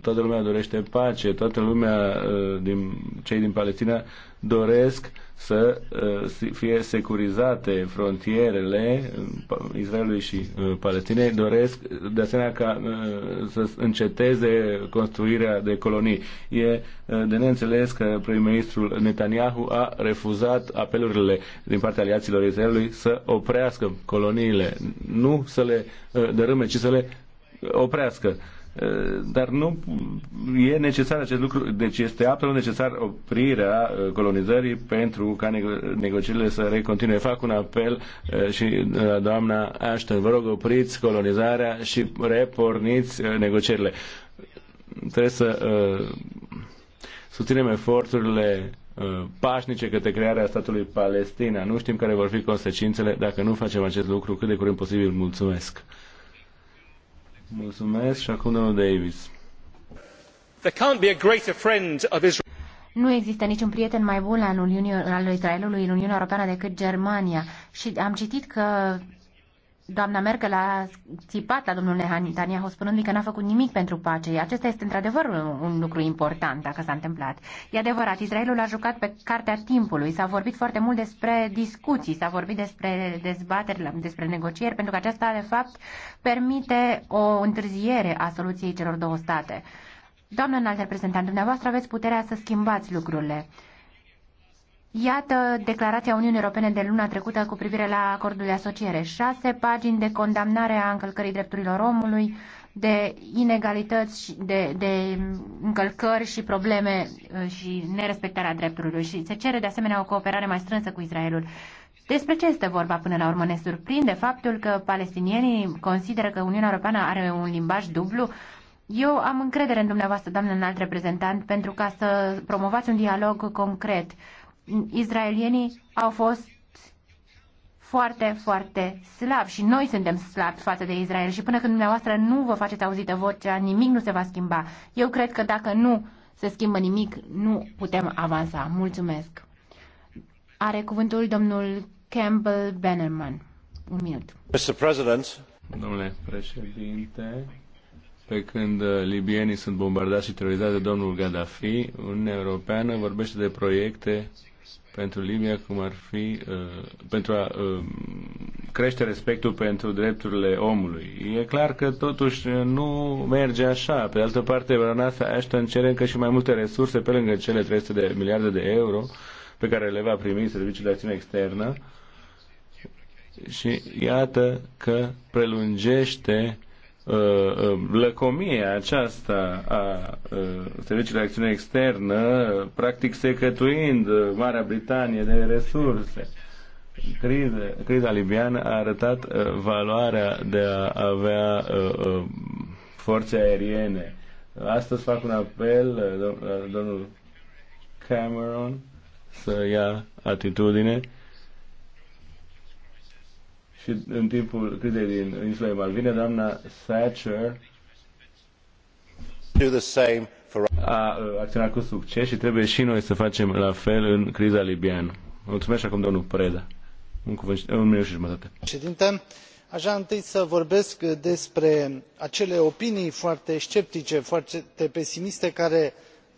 toată lumea dorește pace, toată lumea din cei din Palestina doresc să uh, fie securizate frontierele uh, Israelului și uh, Palestinei, doresc de asemenea ca să înceteze construirea de colonii. E de neînțeles că prim-ministrul Netanyahu a refuzat apelurile din partea aliaților Israelului să oprească coloniile, nu să le dărâme, ci să le oprească Eh, dar nu e necesar acest lucru, deci este absolut necesar oprirea eh, colonizării pentru ca negocierile să recontinue. Fac un apel eh, și la doamna Ashton, vă rog opriți colonizarea și reporniți negocierile. Trebuie să uh, susținem eforturile pașnice către crearea statului Palestina. Nu știm care vor fi consecințele dacă nu facem acest lucru cât de curând posibil. Mulțumesc! Nu există niciun prieten mai bun al, Uniunii, al Israelului în Uniunea Europeană decât Germania. Și am citit că doamna Merkel a țipat la domnul Netanyahu spunându-i că n-a făcut nimic pentru pace. Acesta este într-adevăr un, un lucru important dacă s-a întâmplat. E adevărat, Israelul a jucat pe cartea timpului, s-a vorbit foarte mult despre discuții, s-a vorbit despre dezbateri, despre negocieri, pentru că aceasta de fapt permite o întârziere a soluției celor două state. Doamnă înalt reprezentant, dumneavoastră aveți puterea să schimbați lucrurile. Iată declarația Uniunii Europene de luna trecută cu privire la acordul de asociere. Șase pagini de condamnare a încălcării drepturilor omului, de inegalități, de, de încălcări și probleme uh, și nerespectarea drepturilor. Și se cere de asemenea o cooperare mai strânsă cu Israelul. Despre ce este vorba până la urmă? Ne surprinde faptul că palestinienii consideră că Uniunea Europeană are un limbaj dublu. Eu am încredere în dumneavoastră, doamnă înalt reprezentant, pentru ca să promovați un dialog concret Israelienii au fost foarte, foarte slabi și noi suntem slabi față de Israel și până când dumneavoastră nu vă faceți auzită vocea, nimic nu se va schimba. Eu cred că dacă nu se schimbă nimic, nu putem avansa. Mulțumesc. Are cuvântul domnul Campbell Bannerman. Un minut. Mr. President. Domnule președinte, pe când uh, libienii sunt bombardați și terorizați de domnul Gaddafi, Uniunea Europeană vorbește de proiecte pentru Libia, cum ar fi uh, pentru a uh, crește respectul pentru drepturile omului. E clar că totuși nu merge așa. Pe de altă parte, Baronasa Ashton cere încă și mai multe resurse pe lângă cele 300 de miliarde de euro pe care le va primi Serviciul de Acțiune Externă și iată că prelungește Uh, uh, lăcomie aceasta a uh, Serviciului de Acțiune Externă, practic secătuind Marea Britanie de resurse. Crize, criza libiană a arătat valoarea de a avea forțe aeriene. Astăzi fac un apel, domnul Cameron, să ia atitudine și în timpul crizei din insulei Malvine, doamna Thatcher a acționat cu succes și trebuie și noi să facem la fel în criza libiană. Mulțumesc acum domnul Preda. Un, cuvânt, un minut și jumătate. Președinte, aș vrea întâi să vorbesc despre acele opinii foarte sceptice, foarte pesimiste care uh,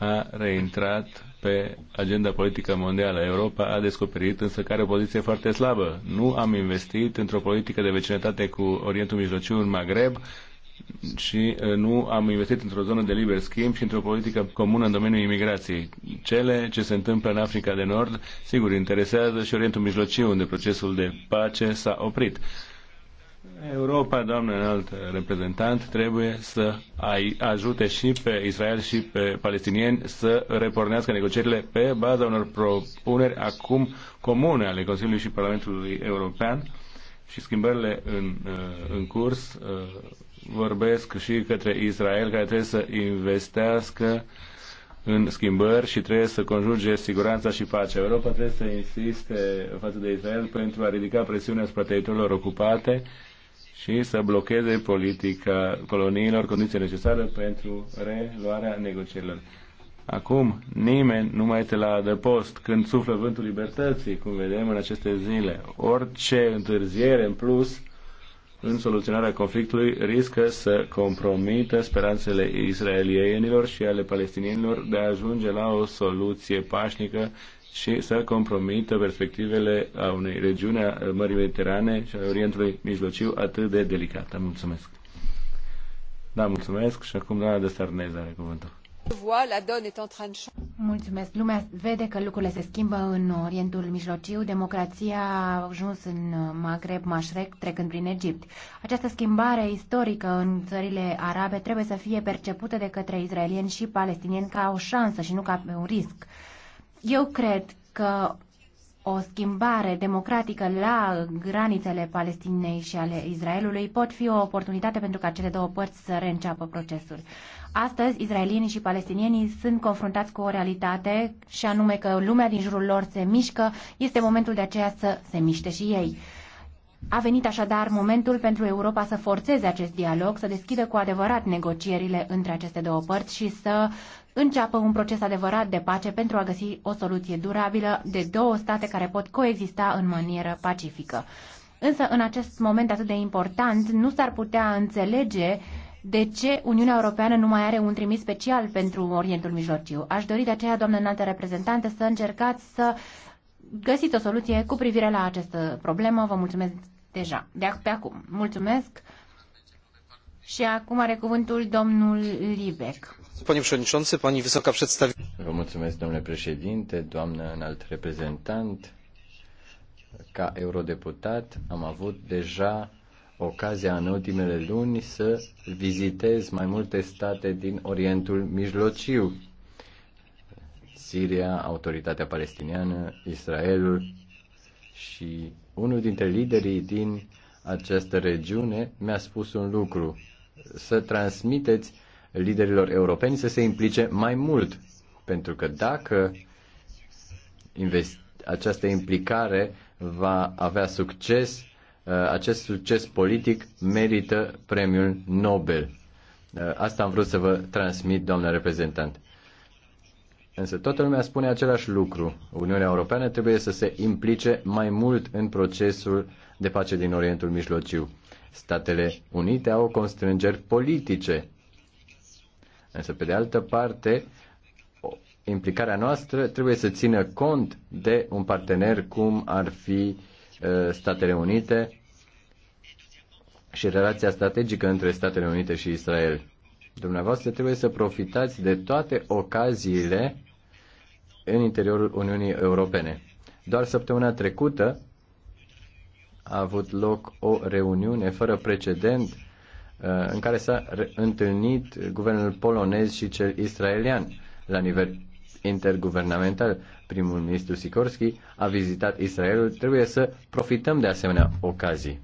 a reintrat pe agenda politică mondială. Europa a descoperit însă care o poziție foarte slabă. Nu am investit într-o politică de vecinătate cu Orientul Mijlociu în Maghreb și nu am investit într-o zonă de liber schimb și într-o politică comună în domeniul imigrației. Cele ce se întâmplă în Africa de Nord, sigur, interesează și Orientul Mijlociu, unde procesul de pace s-a oprit. Europa, doamnă înalt reprezentant, trebuie să ajute și pe Israel și pe palestinieni să repornească negocierile pe baza unor propuneri acum comune ale Consiliului și Parlamentului European și schimbările în, uh, în curs uh, vorbesc și către Israel care trebuie să investească în schimbări și trebuie să conjuge siguranța și pacea. Europa trebuie să insiste față de Israel pentru a ridica presiunea asupra teritoriilor ocupate și să blocheze politica coloniilor condiția necesară pentru reluarea negocierilor. Acum nimeni nu mai este la adăpost când suflă vântul libertății, cum vedem în aceste zile. Orice întârziere în plus în soluționarea conflictului riscă să compromită speranțele israelienilor și ale palestinienilor de a ajunge la o soluție pașnică și să compromită perspectivele a unei regiuni a Mării Mediterane și a Orientului Mijlociu atât de delicată. Mulțumesc! Da, mulțumesc și acum doamna de Sarnez are cuvântul. Mulțumesc. Lumea vede că lucrurile se schimbă în Orientul Mijlociu. Democrația a ajuns în Maghreb, Mașrec, trecând prin Egipt. Această schimbare istorică în țările arabe trebuie să fie percepută de către israelieni și palestinieni ca o șansă și nu ca un risc. Eu cred că o schimbare democratică la granițele Palestinei și ale Israelului pot fi o oportunitate pentru ca cele două părți să reînceapă procesul. Astăzi, izraelienii și palestinienii sunt confruntați cu o realitate și anume că lumea din jurul lor se mișcă, este momentul de aceea să se miște și ei. A venit așadar momentul pentru Europa să forțeze acest dialog, să deschidă cu adevărat negocierile între aceste două părți și să înceapă un proces adevărat de pace pentru a găsi o soluție durabilă de două state care pot coexista în manieră pacifică. Însă, în acest moment atât de important, nu s-ar putea înțelege de ce Uniunea Europeană nu mai are un trimis special pentru Orientul Mijlociu. Aș dori de aceea, doamnă înaltă reprezentantă, să încercați să găsit o soluție cu privire la această problemă. Vă mulțumesc deja, de pe acum. Mulțumesc. Și acum are cuvântul domnul Libec. Panie președinte, pani visoka przedstawiciel. Vă mulțumesc, domnule președinte, doamnă înalt reprezentant. Ca eurodeputat am avut deja ocazia în ultimele luni să vizitez mai multe state din Orientul Mijlociu Siria, Autoritatea Palestiniană, Israelul și unul dintre liderii din această regiune mi-a spus un lucru, să transmiteți liderilor europeni să se implice mai mult, pentru că dacă această implicare va avea succes, uh, acest succes politic merită premiul Nobel. Uh, asta am vrut să vă transmit, doamnă reprezentant. Însă toată lumea spune același lucru. Uniunea Europeană trebuie să se implice mai mult în procesul de pace din Orientul Mijlociu. Statele Unite au constrângeri politice. Însă, pe de altă parte, implicarea noastră trebuie să țină cont de un partener cum ar fi uh, Statele Unite și relația strategică între Statele Unite și Israel. Dumneavoastră trebuie să profitați de toate ocaziile în interiorul Uniunii Europene. Doar săptămâna trecută a avut loc o reuniune fără precedent uh, în care s-a întâlnit guvernul polonez și cel israelian la nivel interguvernamental. Primul ministru Sikorski a vizitat Israelul. Trebuie să profităm de asemenea ocazii.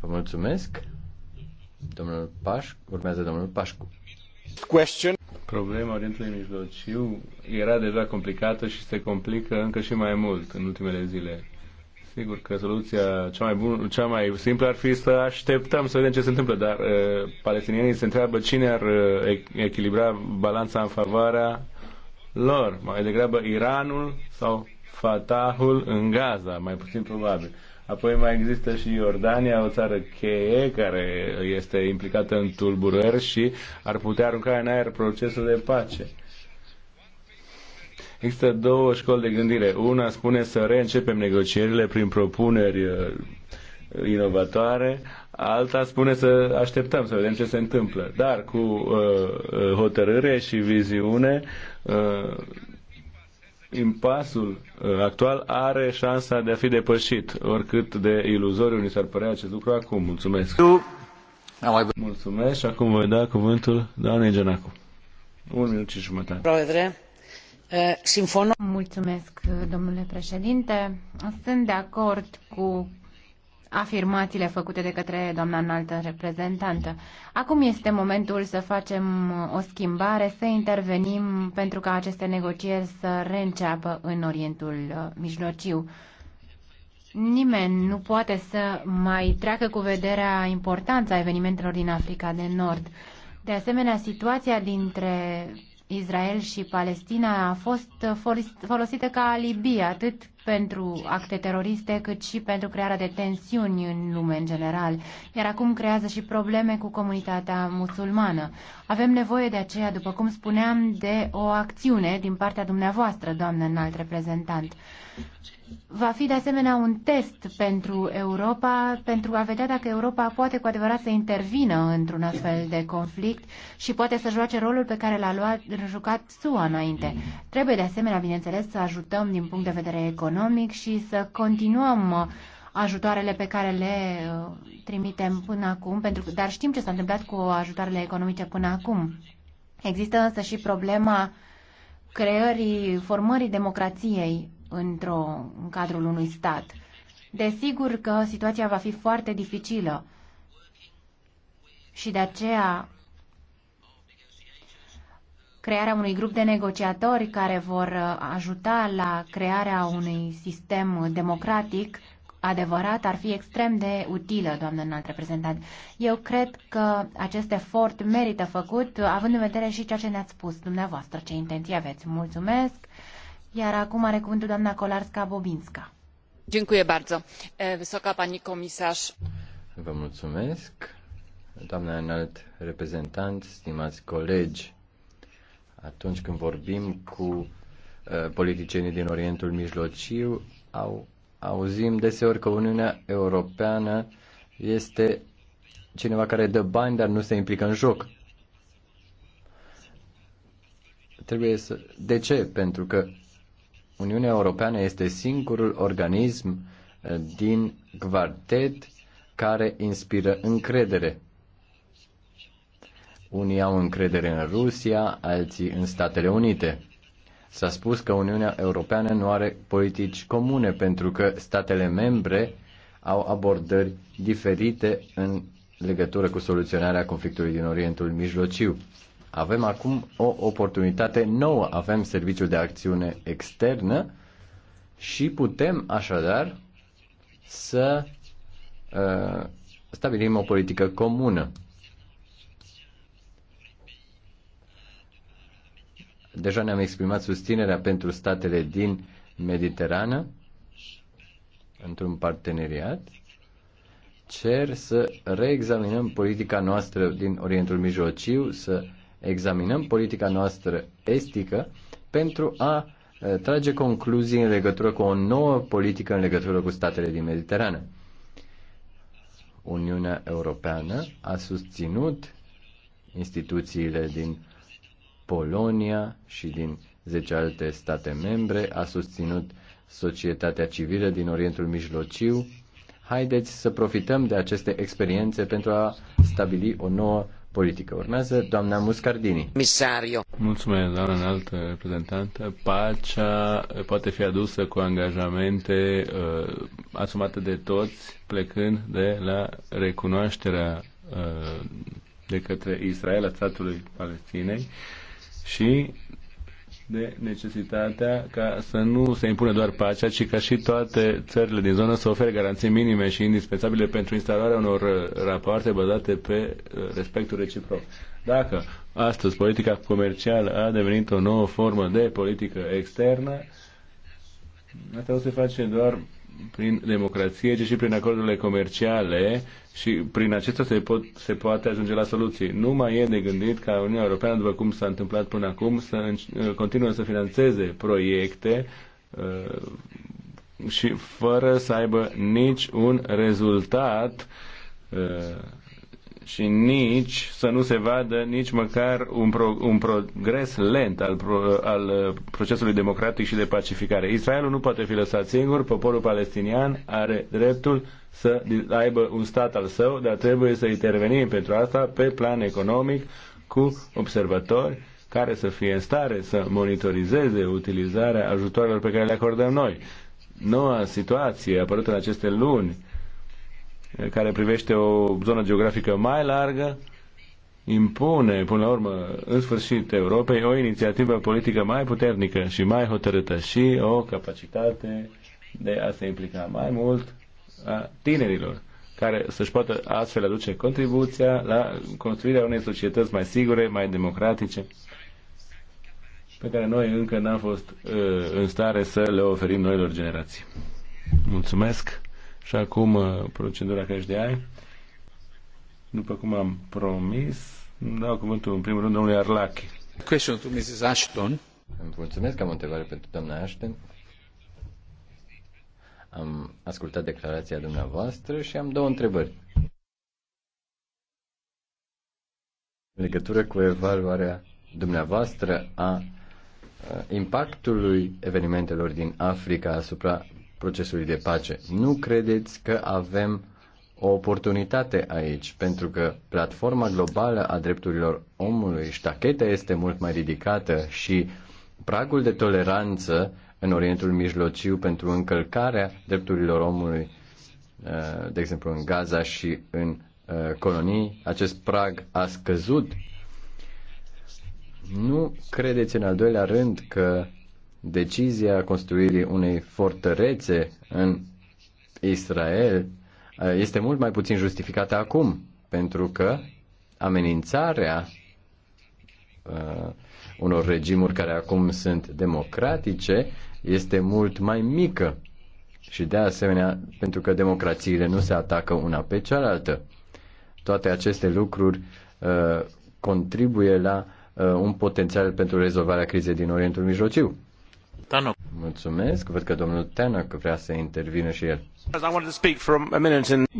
Vă mulțumesc. Domnul Pașcu, urmează domnul Pașcu. Question problema Orientului Mijlociu era deja complicată și se complică încă și mai mult în ultimele zile. Sigur că soluția cea mai, bun, cea mai simplă ar fi să așteptăm să vedem ce se întâmplă, dar uh, palestinienii se întreabă cine ar uh, echilibra balanța în favoarea lor, mai degrabă Iranul sau Fatahul în Gaza, mai puțin probabil. Apoi mai există și Iordania, o țară cheie care este implicată în tulburări și ar putea arunca în aer procesul de pace. Există două școli de gândire. Una spune să reîncepem negocierile prin propuneri uh, inovatoare, alta spune să așteptăm, să vedem ce se întâmplă. Dar cu uh, uh hotărâre și viziune, uh, impasul uh, actual are șansa de a fi depășit, oricât de iluzoriu ni s-ar părea acest lucru acum. Mulțumesc! Mulțumesc și acum voi da cuvântul doamnei Genacu. Un minut și jumătate. Mulțumesc, domnule președinte. Sunt de acord cu afirmațiile făcute de către doamna înaltă reprezentantă. Acum este momentul să facem o schimbare, să intervenim pentru ca aceste negocieri să reînceapă în Orientul uh, Mijlociu. Nimeni nu poate să mai treacă cu vederea importanța evenimentelor din Africa de Nord. De asemenea, situația dintre Israel și Palestina a fost folosită ca alibi atât pentru acte teroriste cât și pentru crearea de tensiuni în lume în general, iar acum creează și probleme cu comunitatea musulmană. Avem nevoie de aceea, după cum spuneam, de o acțiune din partea dumneavoastră, doamnă înalt reprezentant. Va fi de asemenea un test pentru Europa, pentru a vedea dacă Europa poate cu adevărat să intervină într-un astfel de conflict și poate să joace rolul pe care l-a luat jucat SUA înainte. Trebuie de asemenea, bineînțeles, să ajutăm din punct de vedere economic și să continuăm ajutoarele pe care le uh, trimitem până acum, pentru, dar știm ce s-a întâmplat cu ajutoarele economice până acum. Există însă și problema creării, formării democrației într-o, în cadrul unui stat. Desigur că situația va fi foarte dificilă și de aceea crearea unui grup de negociatori care vor uh, ajuta la crearea unui sistem democratic adevărat ar fi extrem de utilă, doamnă înalt reprezentant. Eu cred că acest efort merită făcut, având în vedere și ceea ce ne-ați spus dumneavoastră, ce intenții aveți. Mulțumesc! Iar acum are cuvântul doamna Kolarska-Bobinska. Dziękuję bardzo. Wysoka pani komisarz. Vă mulțumesc, doamna înalt reprezentant, stimați colegi. Atunci când vorbim cu politicienii din Orientul Mijlociu, au, auzim deseori că Uniunea Europeană este cineva care dă bani, dar nu se implică în joc. Trebuie să... De ce? Pentru că Uniunea Europeană este singurul organism eh, din quartet care inspiră încredere. Unii au încredere în Rusia, alții în Statele Unite. S-a spus că Uniunea Europeană nu are politici comune pentru că statele membre au abordări diferite în legătură cu soluționarea conflictului din Orientul Mijlociu. Avem acum o oportunitate nouă, avem serviciul de acțiune externă și putem așadar să uh, stabilim o politică comună. Deja ne-am exprimat susținerea pentru statele din Mediterană într-un parteneriat. Cer să reexaminăm politica noastră din Orientul Mijlociu, să uh, examinăm politica noastră estică pentru a trage concluzii în legătură cu o nouă politică în legătură cu statele din Mediterană. Uniunea Europeană a susținut instituțiile din Polonia și din 10 alte state membre, a susținut societatea civilă din Orientul Mijlociu. Haideți să profităm de aceste experiențe pentru a stabili o nouă politică. Urmează doamna Muscardini. Misario. Mulțumesc, doamna înaltă reprezentantă. Pacea eh, poate fi adusă cu angajamente uh, asumate de toți, plecând de la recunoașterea uh, de către Israel a statului Palestinei și de necesitatea ca să nu se impune doar pacea, ci ca și toate țările din zonă să ofere garanții minime și indispensabile pentru instalarea unor uh, rapoarte bazate pe uh, respectul reciproc. Dacă astăzi politica comercială a devenit o nouă formă de politică externă, asta o se face doar prin democrație, ci și prin acordurile comerciale și prin acestea se, pot, se poate ajunge la soluții. Nu mai e de gândit ca Uniunea Europeană, după cum s-a întâmplat până acum, să uh, continuă să financeze proiecte uh, și fără să aibă nici un rezultat uh, și nici să nu se vadă nici măcar un, pro, un progres lent al, pro, al procesului democratic și de pacificare. Israelul nu poate fi lăsat singur, poporul palestinian are dreptul să aibă un stat al său, dar trebuie să intervenim pentru asta pe plan economic cu observatori care să fie în stare să monitorizeze utilizarea ajutoarelor pe care le acordăm noi. Noua situație apărută în aceste luni care privește o zonă geografică mai largă, impune, până la urmă, în sfârșit Europei, o inițiativă politică mai puternică și mai hotărâtă și o capacitate de a se implica mai mult a tinerilor, care să-și poată astfel aduce contribuția la construirea unei societăți mai sigure, mai democratice, pe care noi încă n-am fost uh, în stare să le oferim noilor generații. Mulțumesc! Și acum uh, procedura că de ai. După cum am promis, îmi dau cuvântul în primul rând domnului Arlache. Question to Mrs. Ashton. Îmi mulțumesc că am o întrebare pentru doamna Ashton. Am ascultat declarația dumneavoastră și am două întrebări. În legătură cu evaluarea dumneavoastră a uh, impactului evenimentelor din Africa asupra procesului de pace. Nu credeți că avem o oportunitate aici, pentru că platforma globală a drepturilor omului, ștacheta este mult mai ridicată și pragul de toleranță în Orientul Mijlociu pentru încălcarea drepturilor omului, uh, de exemplu în Gaza și în uh, colonii, acest prag a scăzut. Nu credeți în al doilea rând că Decizia construirii unei fortărețe în Israel uh, este mult mai puțin justificată acum, pentru că amenințarea uh, unor regimuri care acum sunt democratice este mult mai mică. Și de asemenea, pentru că democrațiile nu se atacă una pe cealaltă. Toate aceste lucruri uh, contribuie la uh, un potențial pentru rezolvarea crizei din Orientul Mijlociu. Tanok. Mulțumesc. Văd că domnul Tanok vrea să intervină și el.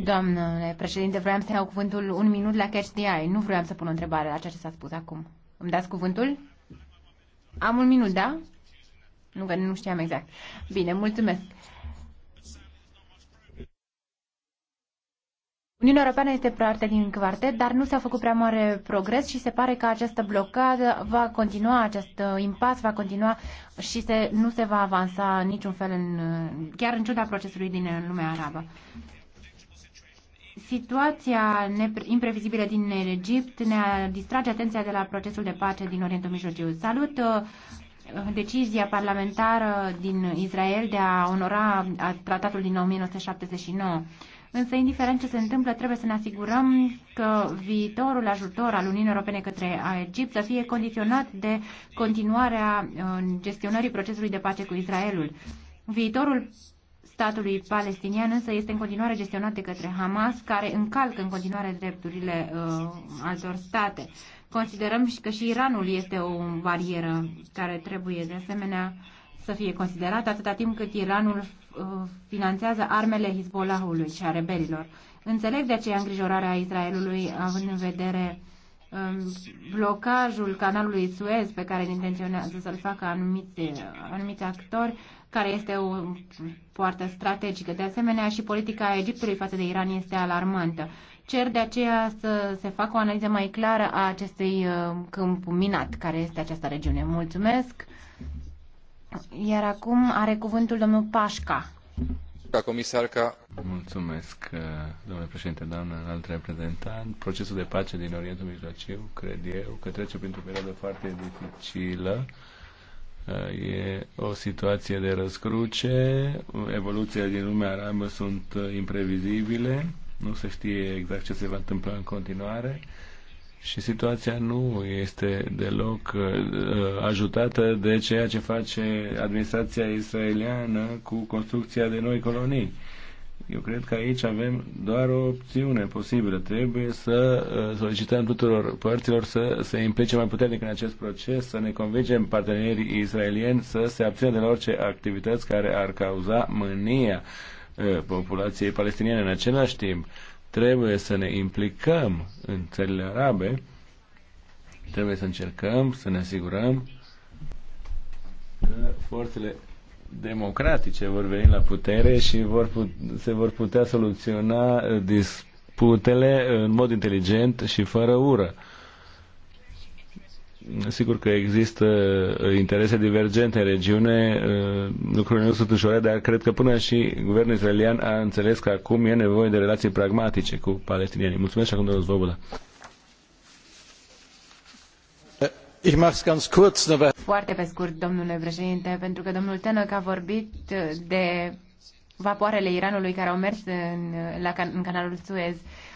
Domnule președinte, vreau să iau cuvântul un minut la Catch the Eye. Nu vreau să pun o întrebare la ceea ce s-a spus acum. Îmi dați cuvântul? Am un minut, da? Nu, că nu știam exact. Bine, mulțumesc. Uniunea Europeană este parte din quartet, dar nu s-a făcut prea mare progres și se pare că această blocadă va continua, acest uh, impas va continua și se, nu se va avansa niciun fel, în, uh, chiar în ciuda procesului din uh, lumea arabă. Situația imprevizibilă din Egipt ne distrage atenția de la procesul de pace din Orientul Mijlociu. Salut decizia parlamentară din Israel de a onora tratatul din 1979. Însă, indiferent ce se întâmplă, trebuie să ne asigurăm că viitorul ajutor al Uniunii Europene către Egipt să fie condiționat de continuarea uh, gestionării procesului de pace cu Israelul. Viitorul statului palestinian însă este în continuare gestionat de către Hamas, care încalcă în continuare drepturile uh, altor state. Considerăm că și Iranul este o barieră care trebuie de asemenea uh, să fie considerat atâta timp cât Iranul uh, finanțează armele Hezbollahului și a rebelilor. Înțeleg de aceea îngrijorarea Israelului, având în vedere um, blocajul canalului Suez pe care intenționează să-l facă anumite, anumite actori, care este o poartă strategică. De asemenea, și politica Egiptului față de Iran este alarmantă. Cer de aceea să se facă o analiză mai clară a acestui uh, câmp minat care este această regiune. Mulțumesc! Iar acum are cuvântul domnul Pașca. Comisarca. Mulțumesc, uh, domnule președinte, doamnă alt reprezentant. Procesul de pace din Orientul Mijlociu, cred eu, că trece printr-o perioadă foarte dificilă. Uh, e o situație de răscruce, evoluția din lumea arabă sunt uh, imprevizibile, nu se știe exact ce se va întâmpla în continuare și situația nu este deloc uh, ajutată de ceea ce face administrația israeliană cu construcția de noi colonii. Eu cred că aici avem doar o opțiune posibilă. Trebuie să uh, solicităm tuturor părților să se implice mai puternic în acest proces, să ne convingem partenerii israelieni să se abțină de la orice activități care ar cauza mânia uh, populației palestiniene. În același timp, Trebuie să ne implicăm în țările arabe, trebuie să încercăm să ne asigurăm că forțele democratice vor veni la putere și vor put, se vor putea soluționa uh, disputele uh, în mod inteligent și fără ură. Sigur că există uh, interese divergente în regiune, uh, lucrurile nu sunt ușoare, dar cred că până și guvernul israelian a înțeles că acum e nevoie de relații pragmatice cu palestinienii. Mulțumesc și acum domnul Zvoboda. Eh, Foarte pe scurt, domnule președinte, pentru că domnul Tenăc a vorbit de vapoarele Iranului care au mers în, la, în canalul Suez.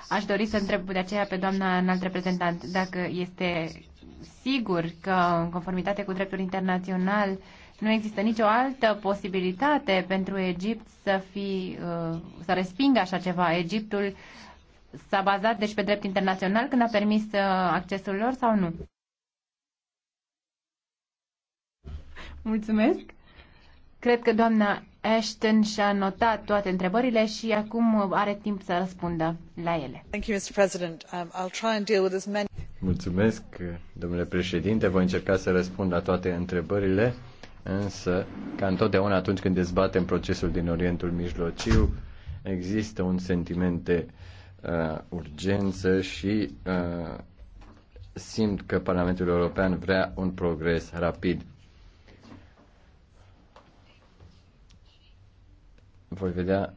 Aș dori să întreb de aceea pe doamna înalt reprezentant dacă este sigur că, în conformitate cu dreptul internațional, nu există nicio altă posibilitate pentru Egipt să, fi, uh, să respingă așa ceva. Egiptul s-a bazat deci pe drept internațional când a permis uh, accesul lor sau nu? Mulțumesc! Cred că doamna Ashton și-a notat toate întrebările și acum are timp să răspundă la ele. Thank you, Mr. President. Um, I'll try and deal with as many Mulțumesc, domnule președinte. Voi încerca să răspund la toate întrebările, însă, ca întotdeauna atunci când dezbatem procesul din Orientul Mijlociu, există un sentiment de uh, urgență și uh, simt că Parlamentul European vrea un progres rapid. Voi vedea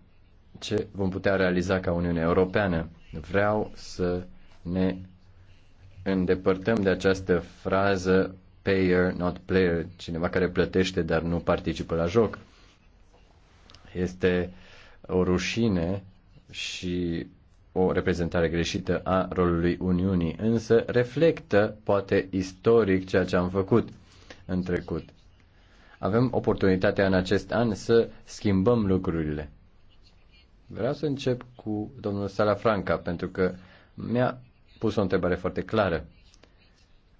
ce vom putea realiza ca Uniune Europeană. Vreau să ne îndepărtăm de această frază payer, not player, cineva care plătește, dar nu participă la joc. Este o rușine și o reprezentare greșită a rolului Uniunii, însă reflectă, poate, istoric ceea ce am făcut în trecut. Avem oportunitatea în acest an să schimbăm lucrurile. Vreau să încep cu domnul Salafranca, pentru că mi-a pus o întrebare foarte clară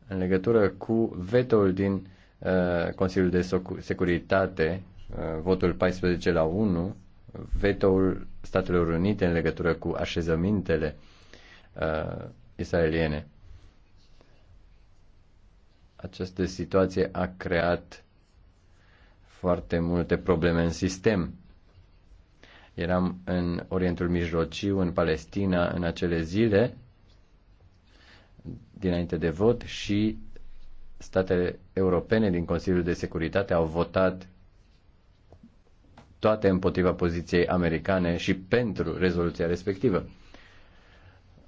în legătură cu vetoul din uh, Consiliul de Securitate, uh, votul 14 la 1, vetoul Statelor Unite în legătură cu așezămintele uh, israeliene. Această situație a creat foarte multe probleme în sistem. Eram în Orientul Mijlociu, în Palestina, în acele zile dinainte de vot și statele europene din Consiliul de Securitate au votat toate împotriva poziției americane și pentru rezoluția respectivă.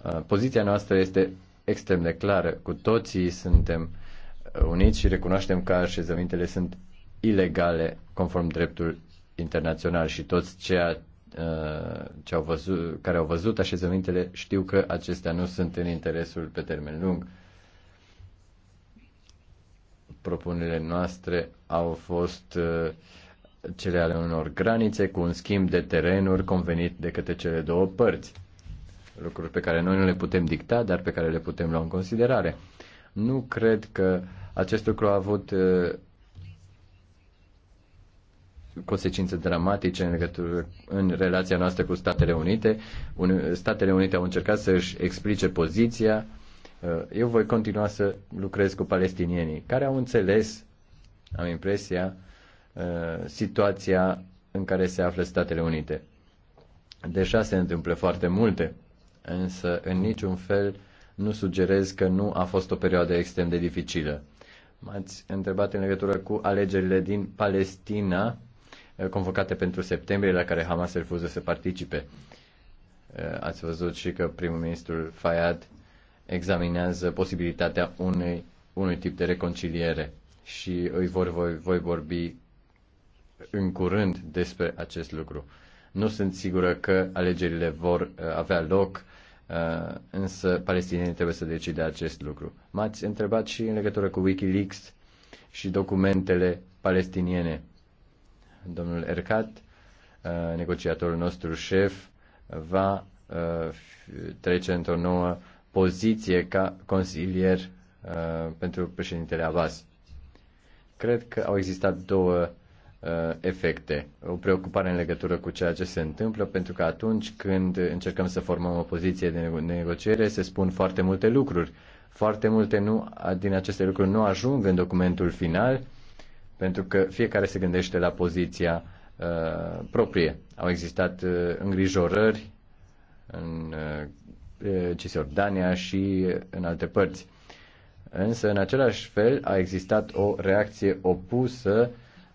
Uh, poziția noastră este extrem de clară. Cu toții suntem uniți și recunoaștem că așezămintele sunt ilegale conform dreptul internațional și toți ceea ce au văzut, care au văzut așezămintele știu că acestea nu sunt în interesul pe termen lung. Propunerile noastre au fost uh, cele ale unor granițe cu un schimb de terenuri convenit de către cele două părți. Lucruri pe care noi nu le putem dicta, dar pe care le putem lua în considerare. Nu cred că acest lucru a avut uh, consecințe dramatice în, legătură, în relația noastră cu Statele Unite. Statele Unite au încercat să își explice poziția. Uh, eu voi continua să lucrez cu palestinienii, care au înțeles, am impresia, uh, situația în care se află Statele Unite. Deja se întâmplă foarte multe, însă în niciun fel nu sugerez că nu a fost o perioadă extrem de dificilă. M-ați întrebat în legătură cu alegerile din Palestina Eh, convocate pentru septembrie, la care Hamas refuză să participe. Eh, ați văzut și că primul ministrul Fayad examinează posibilitatea unei, unui tip de reconciliere și îi vor, voi, voi vorbi în curând despre acest lucru. Nu sunt sigură că alegerile vor eh, avea loc, însă palestinienii trebuie să decide acest lucru. M-ați întrebat și în legătură cu Wikileaks și documentele palestiniene domnul Ercat, uh, negociatorul nostru șef, va uh, trece într-o nouă poziție ca consilier uh, pentru președintele Abbas. Cred că au existat două efecte. O preocupare în legătură cu ceea ce se întâmplă, pentru că atunci când încercăm să formăm o poziție de negociere, se spun foarte multe lucruri. Foarte multe nu, din aceste lucruri nu ajung în documentul final pentru că fiecare se gândește la poziția uh, proprie. Au existat uh, îngrijorări în uh, uh, Cisjordania și în alte părți. Însă, în același fel, a existat o reacție opusă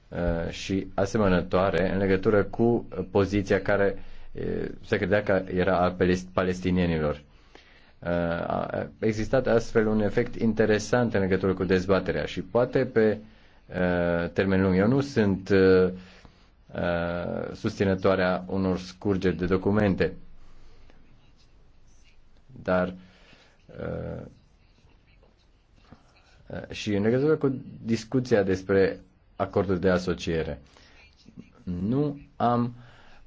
uh, și asemănătoare în legătură cu poziția care uh, se credea că era a palestinienilor. Uh, a existat astfel un efect interesant în legătură cu dezbaterea și poate pe uh, Eh, termen lung. Eu nu sunt eh, susținătoarea unor scurgeri de documente. Dar eh, și în legătură cu discuția despre acordul de asociere, nu am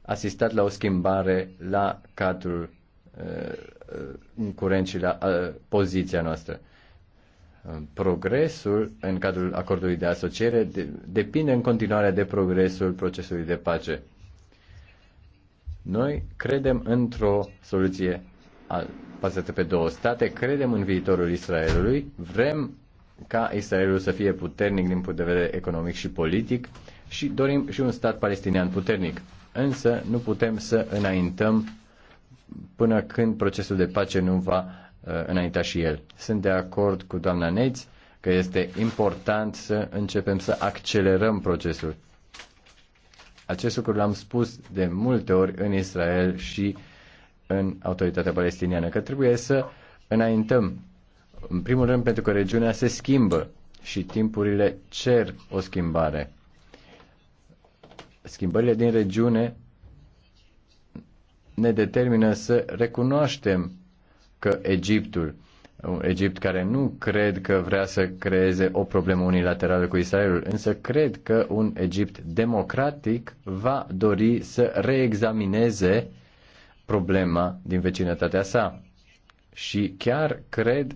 asistat la o schimbare la cadrul curent și la poziția noastră progresul în cadrul acordului de asociere depinde în continuare de progresul procesului de pace. Noi credem într-o soluție bazată pe două state, credem în viitorul Israelului, vrem ca Israelul să fie puternic din punct de vedere economic și politic și dorim și un stat palestinian puternic. Însă nu putem să înaintăm până când procesul de pace nu va Uh, înaintea și el. Sunt de acord cu doamna Neitz că este important să începem să accelerăm procesul. Acest lucru l-am spus de multe ori în Israel și în autoritatea palestiniană, că trebuie să înaintăm. În primul rând pentru că regiunea se schimbă și timpurile cer o schimbare. Schimbările din regiune ne determină să recunoaștem că Egiptul, Egipt care nu cred că vrea să creeze o problemă unilaterală cu Israelul, însă cred că un Egipt democratic va dori să reexamineze problema din vecinătatea sa. Și chiar cred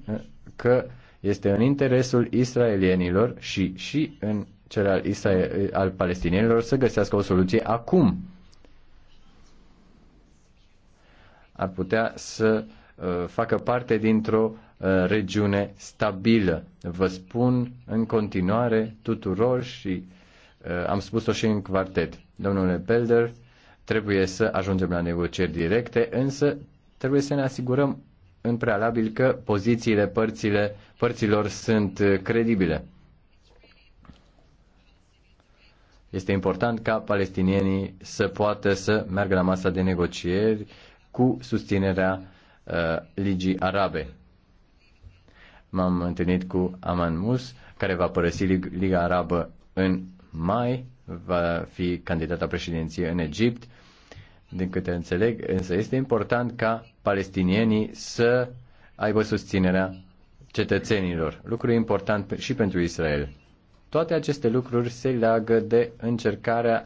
că este în interesul israelienilor și și în cel al, Israel, al palestinienilor să găsească o soluție acum. Ar putea să uh, Uh, facă parte dintr-o uh, regiune stabilă. Vă spun în continuare tuturor și uh, am spus-o și în quartet. Domnule Belder, trebuie să ajungem la negocieri directe, însă trebuie să ne asigurăm în prealabil că pozițiile părțile, părților sunt credibile. Este important ca palestinienii să poată să meargă la masa de negocieri cu susținerea Uh, Ligii Arabe. M-am întâlnit cu Aman Mus, care va părăsi Liga Arabă în mai, va fi candidat la președinție în Egipt. Din câte înțeleg, însă este important ca palestinienii să aibă susținerea cetățenilor. Lucru important și pentru Israel. Toate aceste lucruri se leagă de încercarea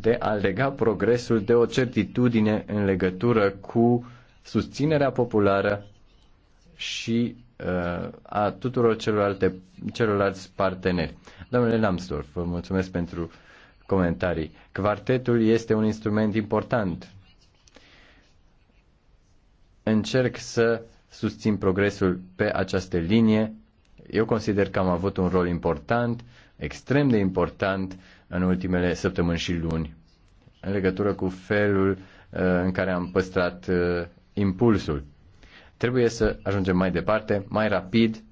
de a lega progresul de o certitudine în legătură cu susținerea populară și uh, a tuturor celorlalte, celorlalți parteneri. Domnule Lambsdorff, vă mulțumesc pentru comentarii. Quartetul este un instrument important. Încerc să susțin progresul pe această linie. Eu consider că am avut un rol important, extrem de important, în ultimele săptămâni și luni, în legătură cu felul uh, în care am păstrat uh, impulsul. Trebuie să ajungem mai departe, mai rapid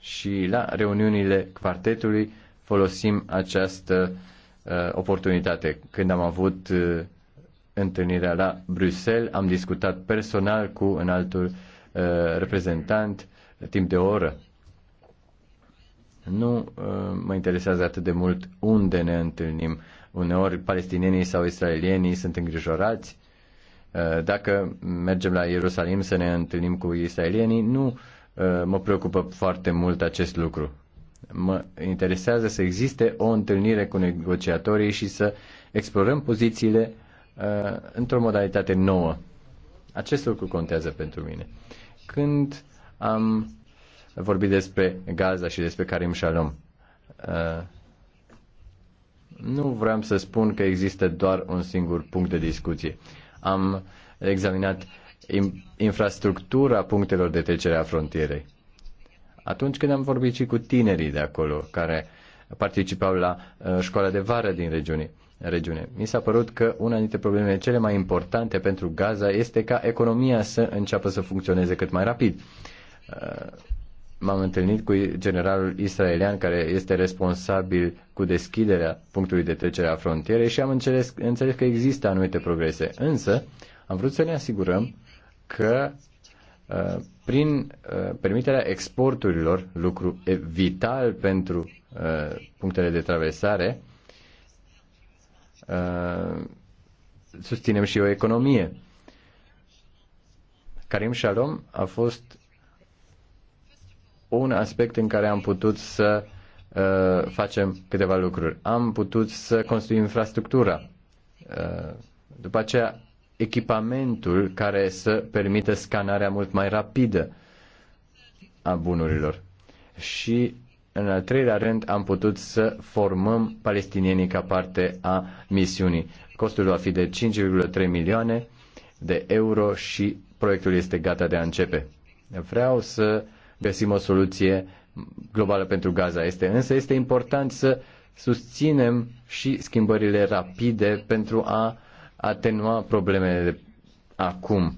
și la reuniunile quartetului folosim această uh, oportunitate. Când am avut uh, întâlnirea la Bruxelles, am discutat personal cu un altul uh, reprezentant timp de o oră. Nu uh, mă interesează atât de mult unde ne întâlnim. Uneori palestinienii sau israelienii sunt îngrijorați Eh, dacă mergem la Ierusalim să ne întâlnim cu israelienii, nu eh, mă preocupă foarte mult acest lucru. Mă interesează să existe o întâlnire cu negociatorii și să explorăm pozițiile eh, într-o modalitate nouă. Acest lucru contează pentru mine. Când am vorbit despre Gaza și despre Karim Shalom, nu vreau să spun că există doar un singur punct de discuție am examinat infrastructura punctelor de trecere a frontierei. Atunci când am vorbit și cu tinerii de acolo care participau la uh, școala de vară din regiune, regiune. Mi s-a părut că una dintre problemele cele mai importante pentru Gaza este ca economia să înceapă să funcționeze cât mai rapid. Uh, m-am întâlnit cu generalul israelian care este responsabil cu deschiderea punctului de trecere a frontierei și am înțeles, înțeles că există anumite progrese. Însă, am vrut să ne asigurăm că uh, prin uh, permiterea exporturilor, lucru vital pentru uh, punctele de traversare, uh, susținem și o economie. Karim Shalom a fost un aspect în care am putut să uh, facem câteva lucruri. Am putut să construim infrastructura. Uh, după aceea, echipamentul care să permită scanarea mult mai rapidă a bunurilor. Și, în al treilea rând, am putut să formăm palestinienii ca parte a misiunii. Costul va fi de 5,3 milioane de euro și proiectul este gata de a începe. Vreau să uh, găsim o soluție globală pentru Gaza. Este însă este important să susținem și schimbările rapide pentru a atenua problemele de acum.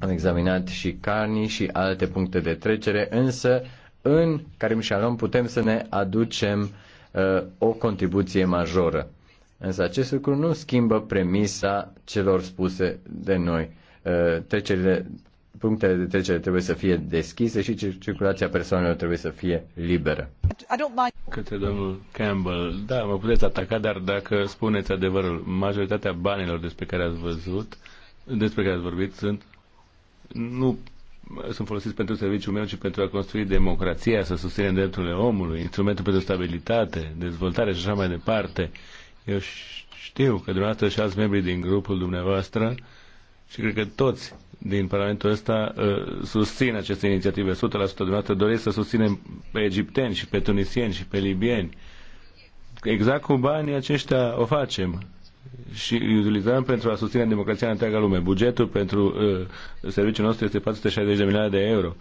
Am examinat și Carni și alte puncte de trecere, însă în Karim Shalom putem să ne aducem uh, o contribuție majoră. Însă acest lucru nu schimbă premisa celor spuse de noi. Uh, trecerile punctele de trecere trebuie să fie deschise și circulația persoanelor trebuie să fie liberă. Către domnul Campbell, da, mă puteți ataca, dar dacă spuneți adevărul, majoritatea banilor despre care ați văzut, despre care ați vorbit, sunt nu sunt folosiți pentru serviciul meu, ci pentru a construi democrația, să susținem drepturile omului, instrumentul pentru stabilitate, dezvoltare și așa mai departe. Eu știu că dumneavoastră și alți membri din grupul dumneavoastră și cred că toți din Parlamentul ăsta uh, susțin aceste inițiative 100%. Dumneavoastră doresc să susținem pe egipteni și pe tunisieni și pe libieni. Exact cu banii aceștia o facem și îi utilizăm pentru a susține democrația în întreaga lume. Bugetul pentru uh, serviciul nostru este 460 de milioane de euro.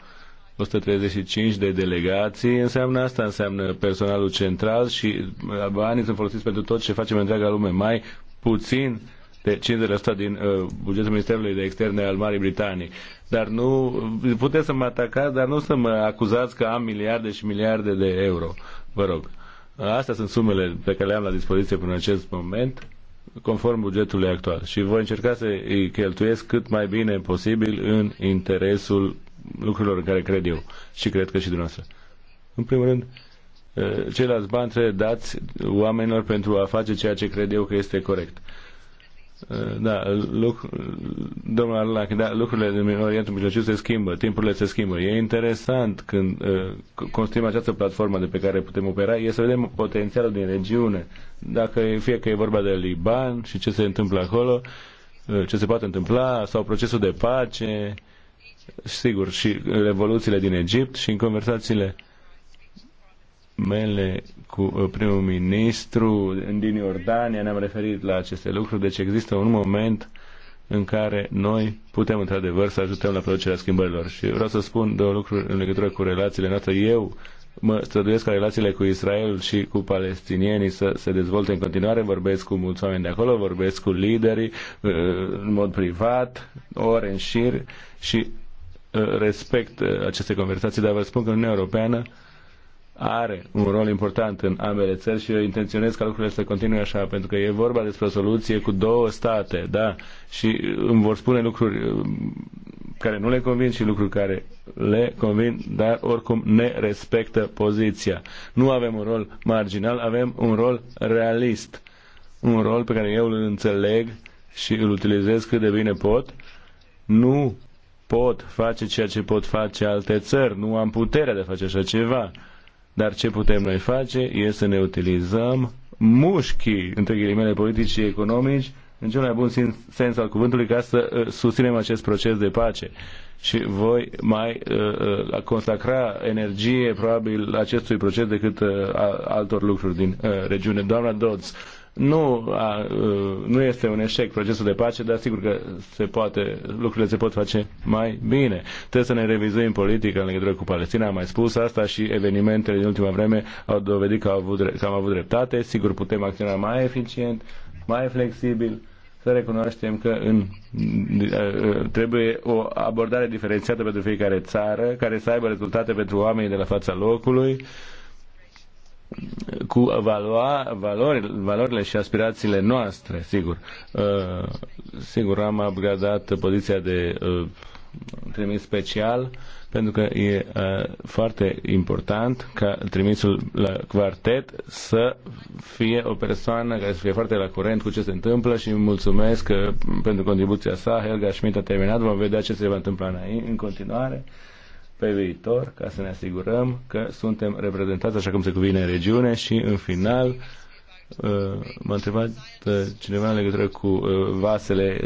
135 de delegații înseamnă asta, înseamnă personalul central și uh, banii sunt folosiți pentru tot ce facem în întreaga lume. Mai puțin uh, de 50% din uh, bugetul Ministerului de Externe al Marii Britanii. Dar nu, puteți să mă atacați, dar nu să mă acuzați că am miliarde și miliarde de euro. Vă rog. Astea sunt sumele pe care le am la dispoziție până în acest moment conform bugetului actual și voi încerca să îi cheltuiesc cât mai bine posibil în interesul lucrurilor în care cred eu și cred că și dumneavoastră. În primul rând, uh, ceilalți bani trebuie dați oamenilor pentru a face ceea ce cred eu că este corect. Eh, da, luc, domnul Arlac, da, lucrurile din Orientul Mijlociu se schimbă, timpurile se schimbă. E interesant când uh, construim această platformă de pe care putem opera, e să vedem potențialul din regiune. Dacă fie că e vorba de Liban și ce se întâmplă acolo, uh, ce se poate întâmpla, sau procesul de pace, sigur, și revoluțiile din Egipt și în conversațiile mele cu uh, primul ministru din Iordania, ne-am referit la aceste lucruri, deci există un moment în care noi putem într-adevăr să ajutăm la producerea schimbărilor. Și vreau să spun două lucruri în legătură cu relațiile noastre. Eu mă străduiesc ca relațiile cu Israel și cu palestinienii să se dezvolte în continuare, vorbesc cu mulți oameni de acolo, vorbesc cu liderii uh, în mod privat, ore în șir și uh, respect aceste conversații, dar vă spun că Uniunea Europeană are un rol important în ambele țări și eu intenționez ca lucrurile să continue așa, pentru că e vorba despre o soluție cu două state, da, și îmi vor spune lucruri uh, care nu le convin și lucruri care le convin, dar oricum ne respectă poziția. Nu avem un rol marginal, avem un rol realist, un rol pe care eu îl înțeleg și îl utilizez cât de bine pot. Nu pot face ceea ce pot face alte țări, nu am puterea de a face așa ceva dar ce putem noi face e să ne utilizăm mușchii, între ghilimele, politici și economici, în cel mai bun sens al cuvântului, ca să uh, susținem acest proces de pace. Și voi mai uh, uh consacra energie, probabil, acestui proces decât uh, altor lucruri din uh, regiune. Doamna Dodds, nu, a, ă, nu este un eșec procesul de pace, dar sigur că se poate, lucrurile se pot face mai bine. Trebuie să ne revizuim politica în legătură cu Palestina, am mai spus asta și evenimentele din ultima vreme au dovedit că, au avut, că am avut dreptate. Sigur, putem acționa mai eficient, mai flexibil, să recunoaștem că în, ă, ă, trebuie o abordare diferențiată pentru fiecare țară, care să aibă rezultate pentru oamenii de la fața locului, cu valua, valori, valorile și aspirațiile noastre, sigur. Uh, sigur, am upgradat poziția de uh, trimis special pentru că e uh, foarte important ca trimisul la quartet să fie o persoană care să fie foarte la curent cu ce se întâmplă și îmi mulțumesc uh, pentru contribuția sa. Helga Schmidt a terminat, vom vedea ce se va întâmpla în, în continuare. Uh, pe viitor ca să ne asigurăm că suntem reprezentați așa cum se cuvine în regiune și în final uh, m-a întrebat uh, cineva în legătură cu uh, vasele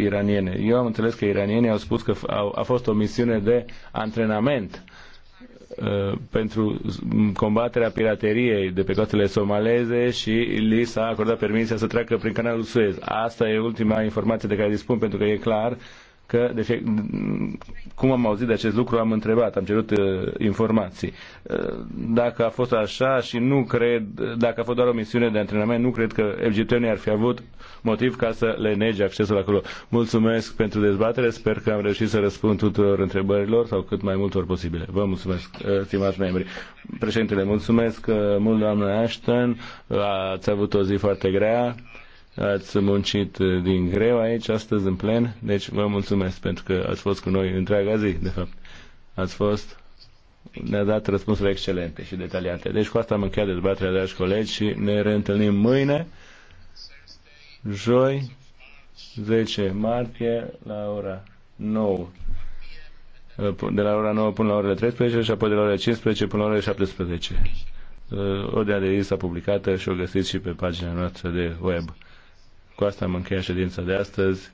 iraniene. Eu am înțeles că iranienii au spus că a fost o misiune de antrenament pentru combaterea pirateriei de pe coastele somaleze și li s-a acordat permisia să treacă prin canalul Suez. Asta e ultima informație de care dispun pentru că e clar că de deci, fie, cum am auzit de acest lucru, am întrebat, am cerut uh, informații. Uh, dacă a fost așa și nu cred, dacă a fost doar o misiune de antrenament, nu cred că egiptenii ar fi avut motiv ca să le nege accesul acolo. Mulțumesc pentru dezbatere, sper că am reușit să răspund tuturor întrebărilor sau cât mai multor posibile. Vă mulțumesc, stimați membri. Președintele, mulțumesc mult, doamnă Ashton, ați avut o zi foarte grea. Ați muncit eh, din greu aici, astăzi, în plen, deci vă mulțumesc pentru că ați fost cu noi întreaga zi, de fapt. Ați fost ne-a dat răspunsuri excelente și detaliate. Deci cu asta am încheiat dezbaterea, dragi colegi, și ne reîntâlnim mâine, joi, 10 martie, la ora 9. Eh, de la ora 9 până la orele 13 și apoi de la orele 15 până la orele 17. Eh, Ordinea de zi s-a publicată și o găsiți și pe pagina noastră de web. Cu asta am încheiat ședința de astăzi.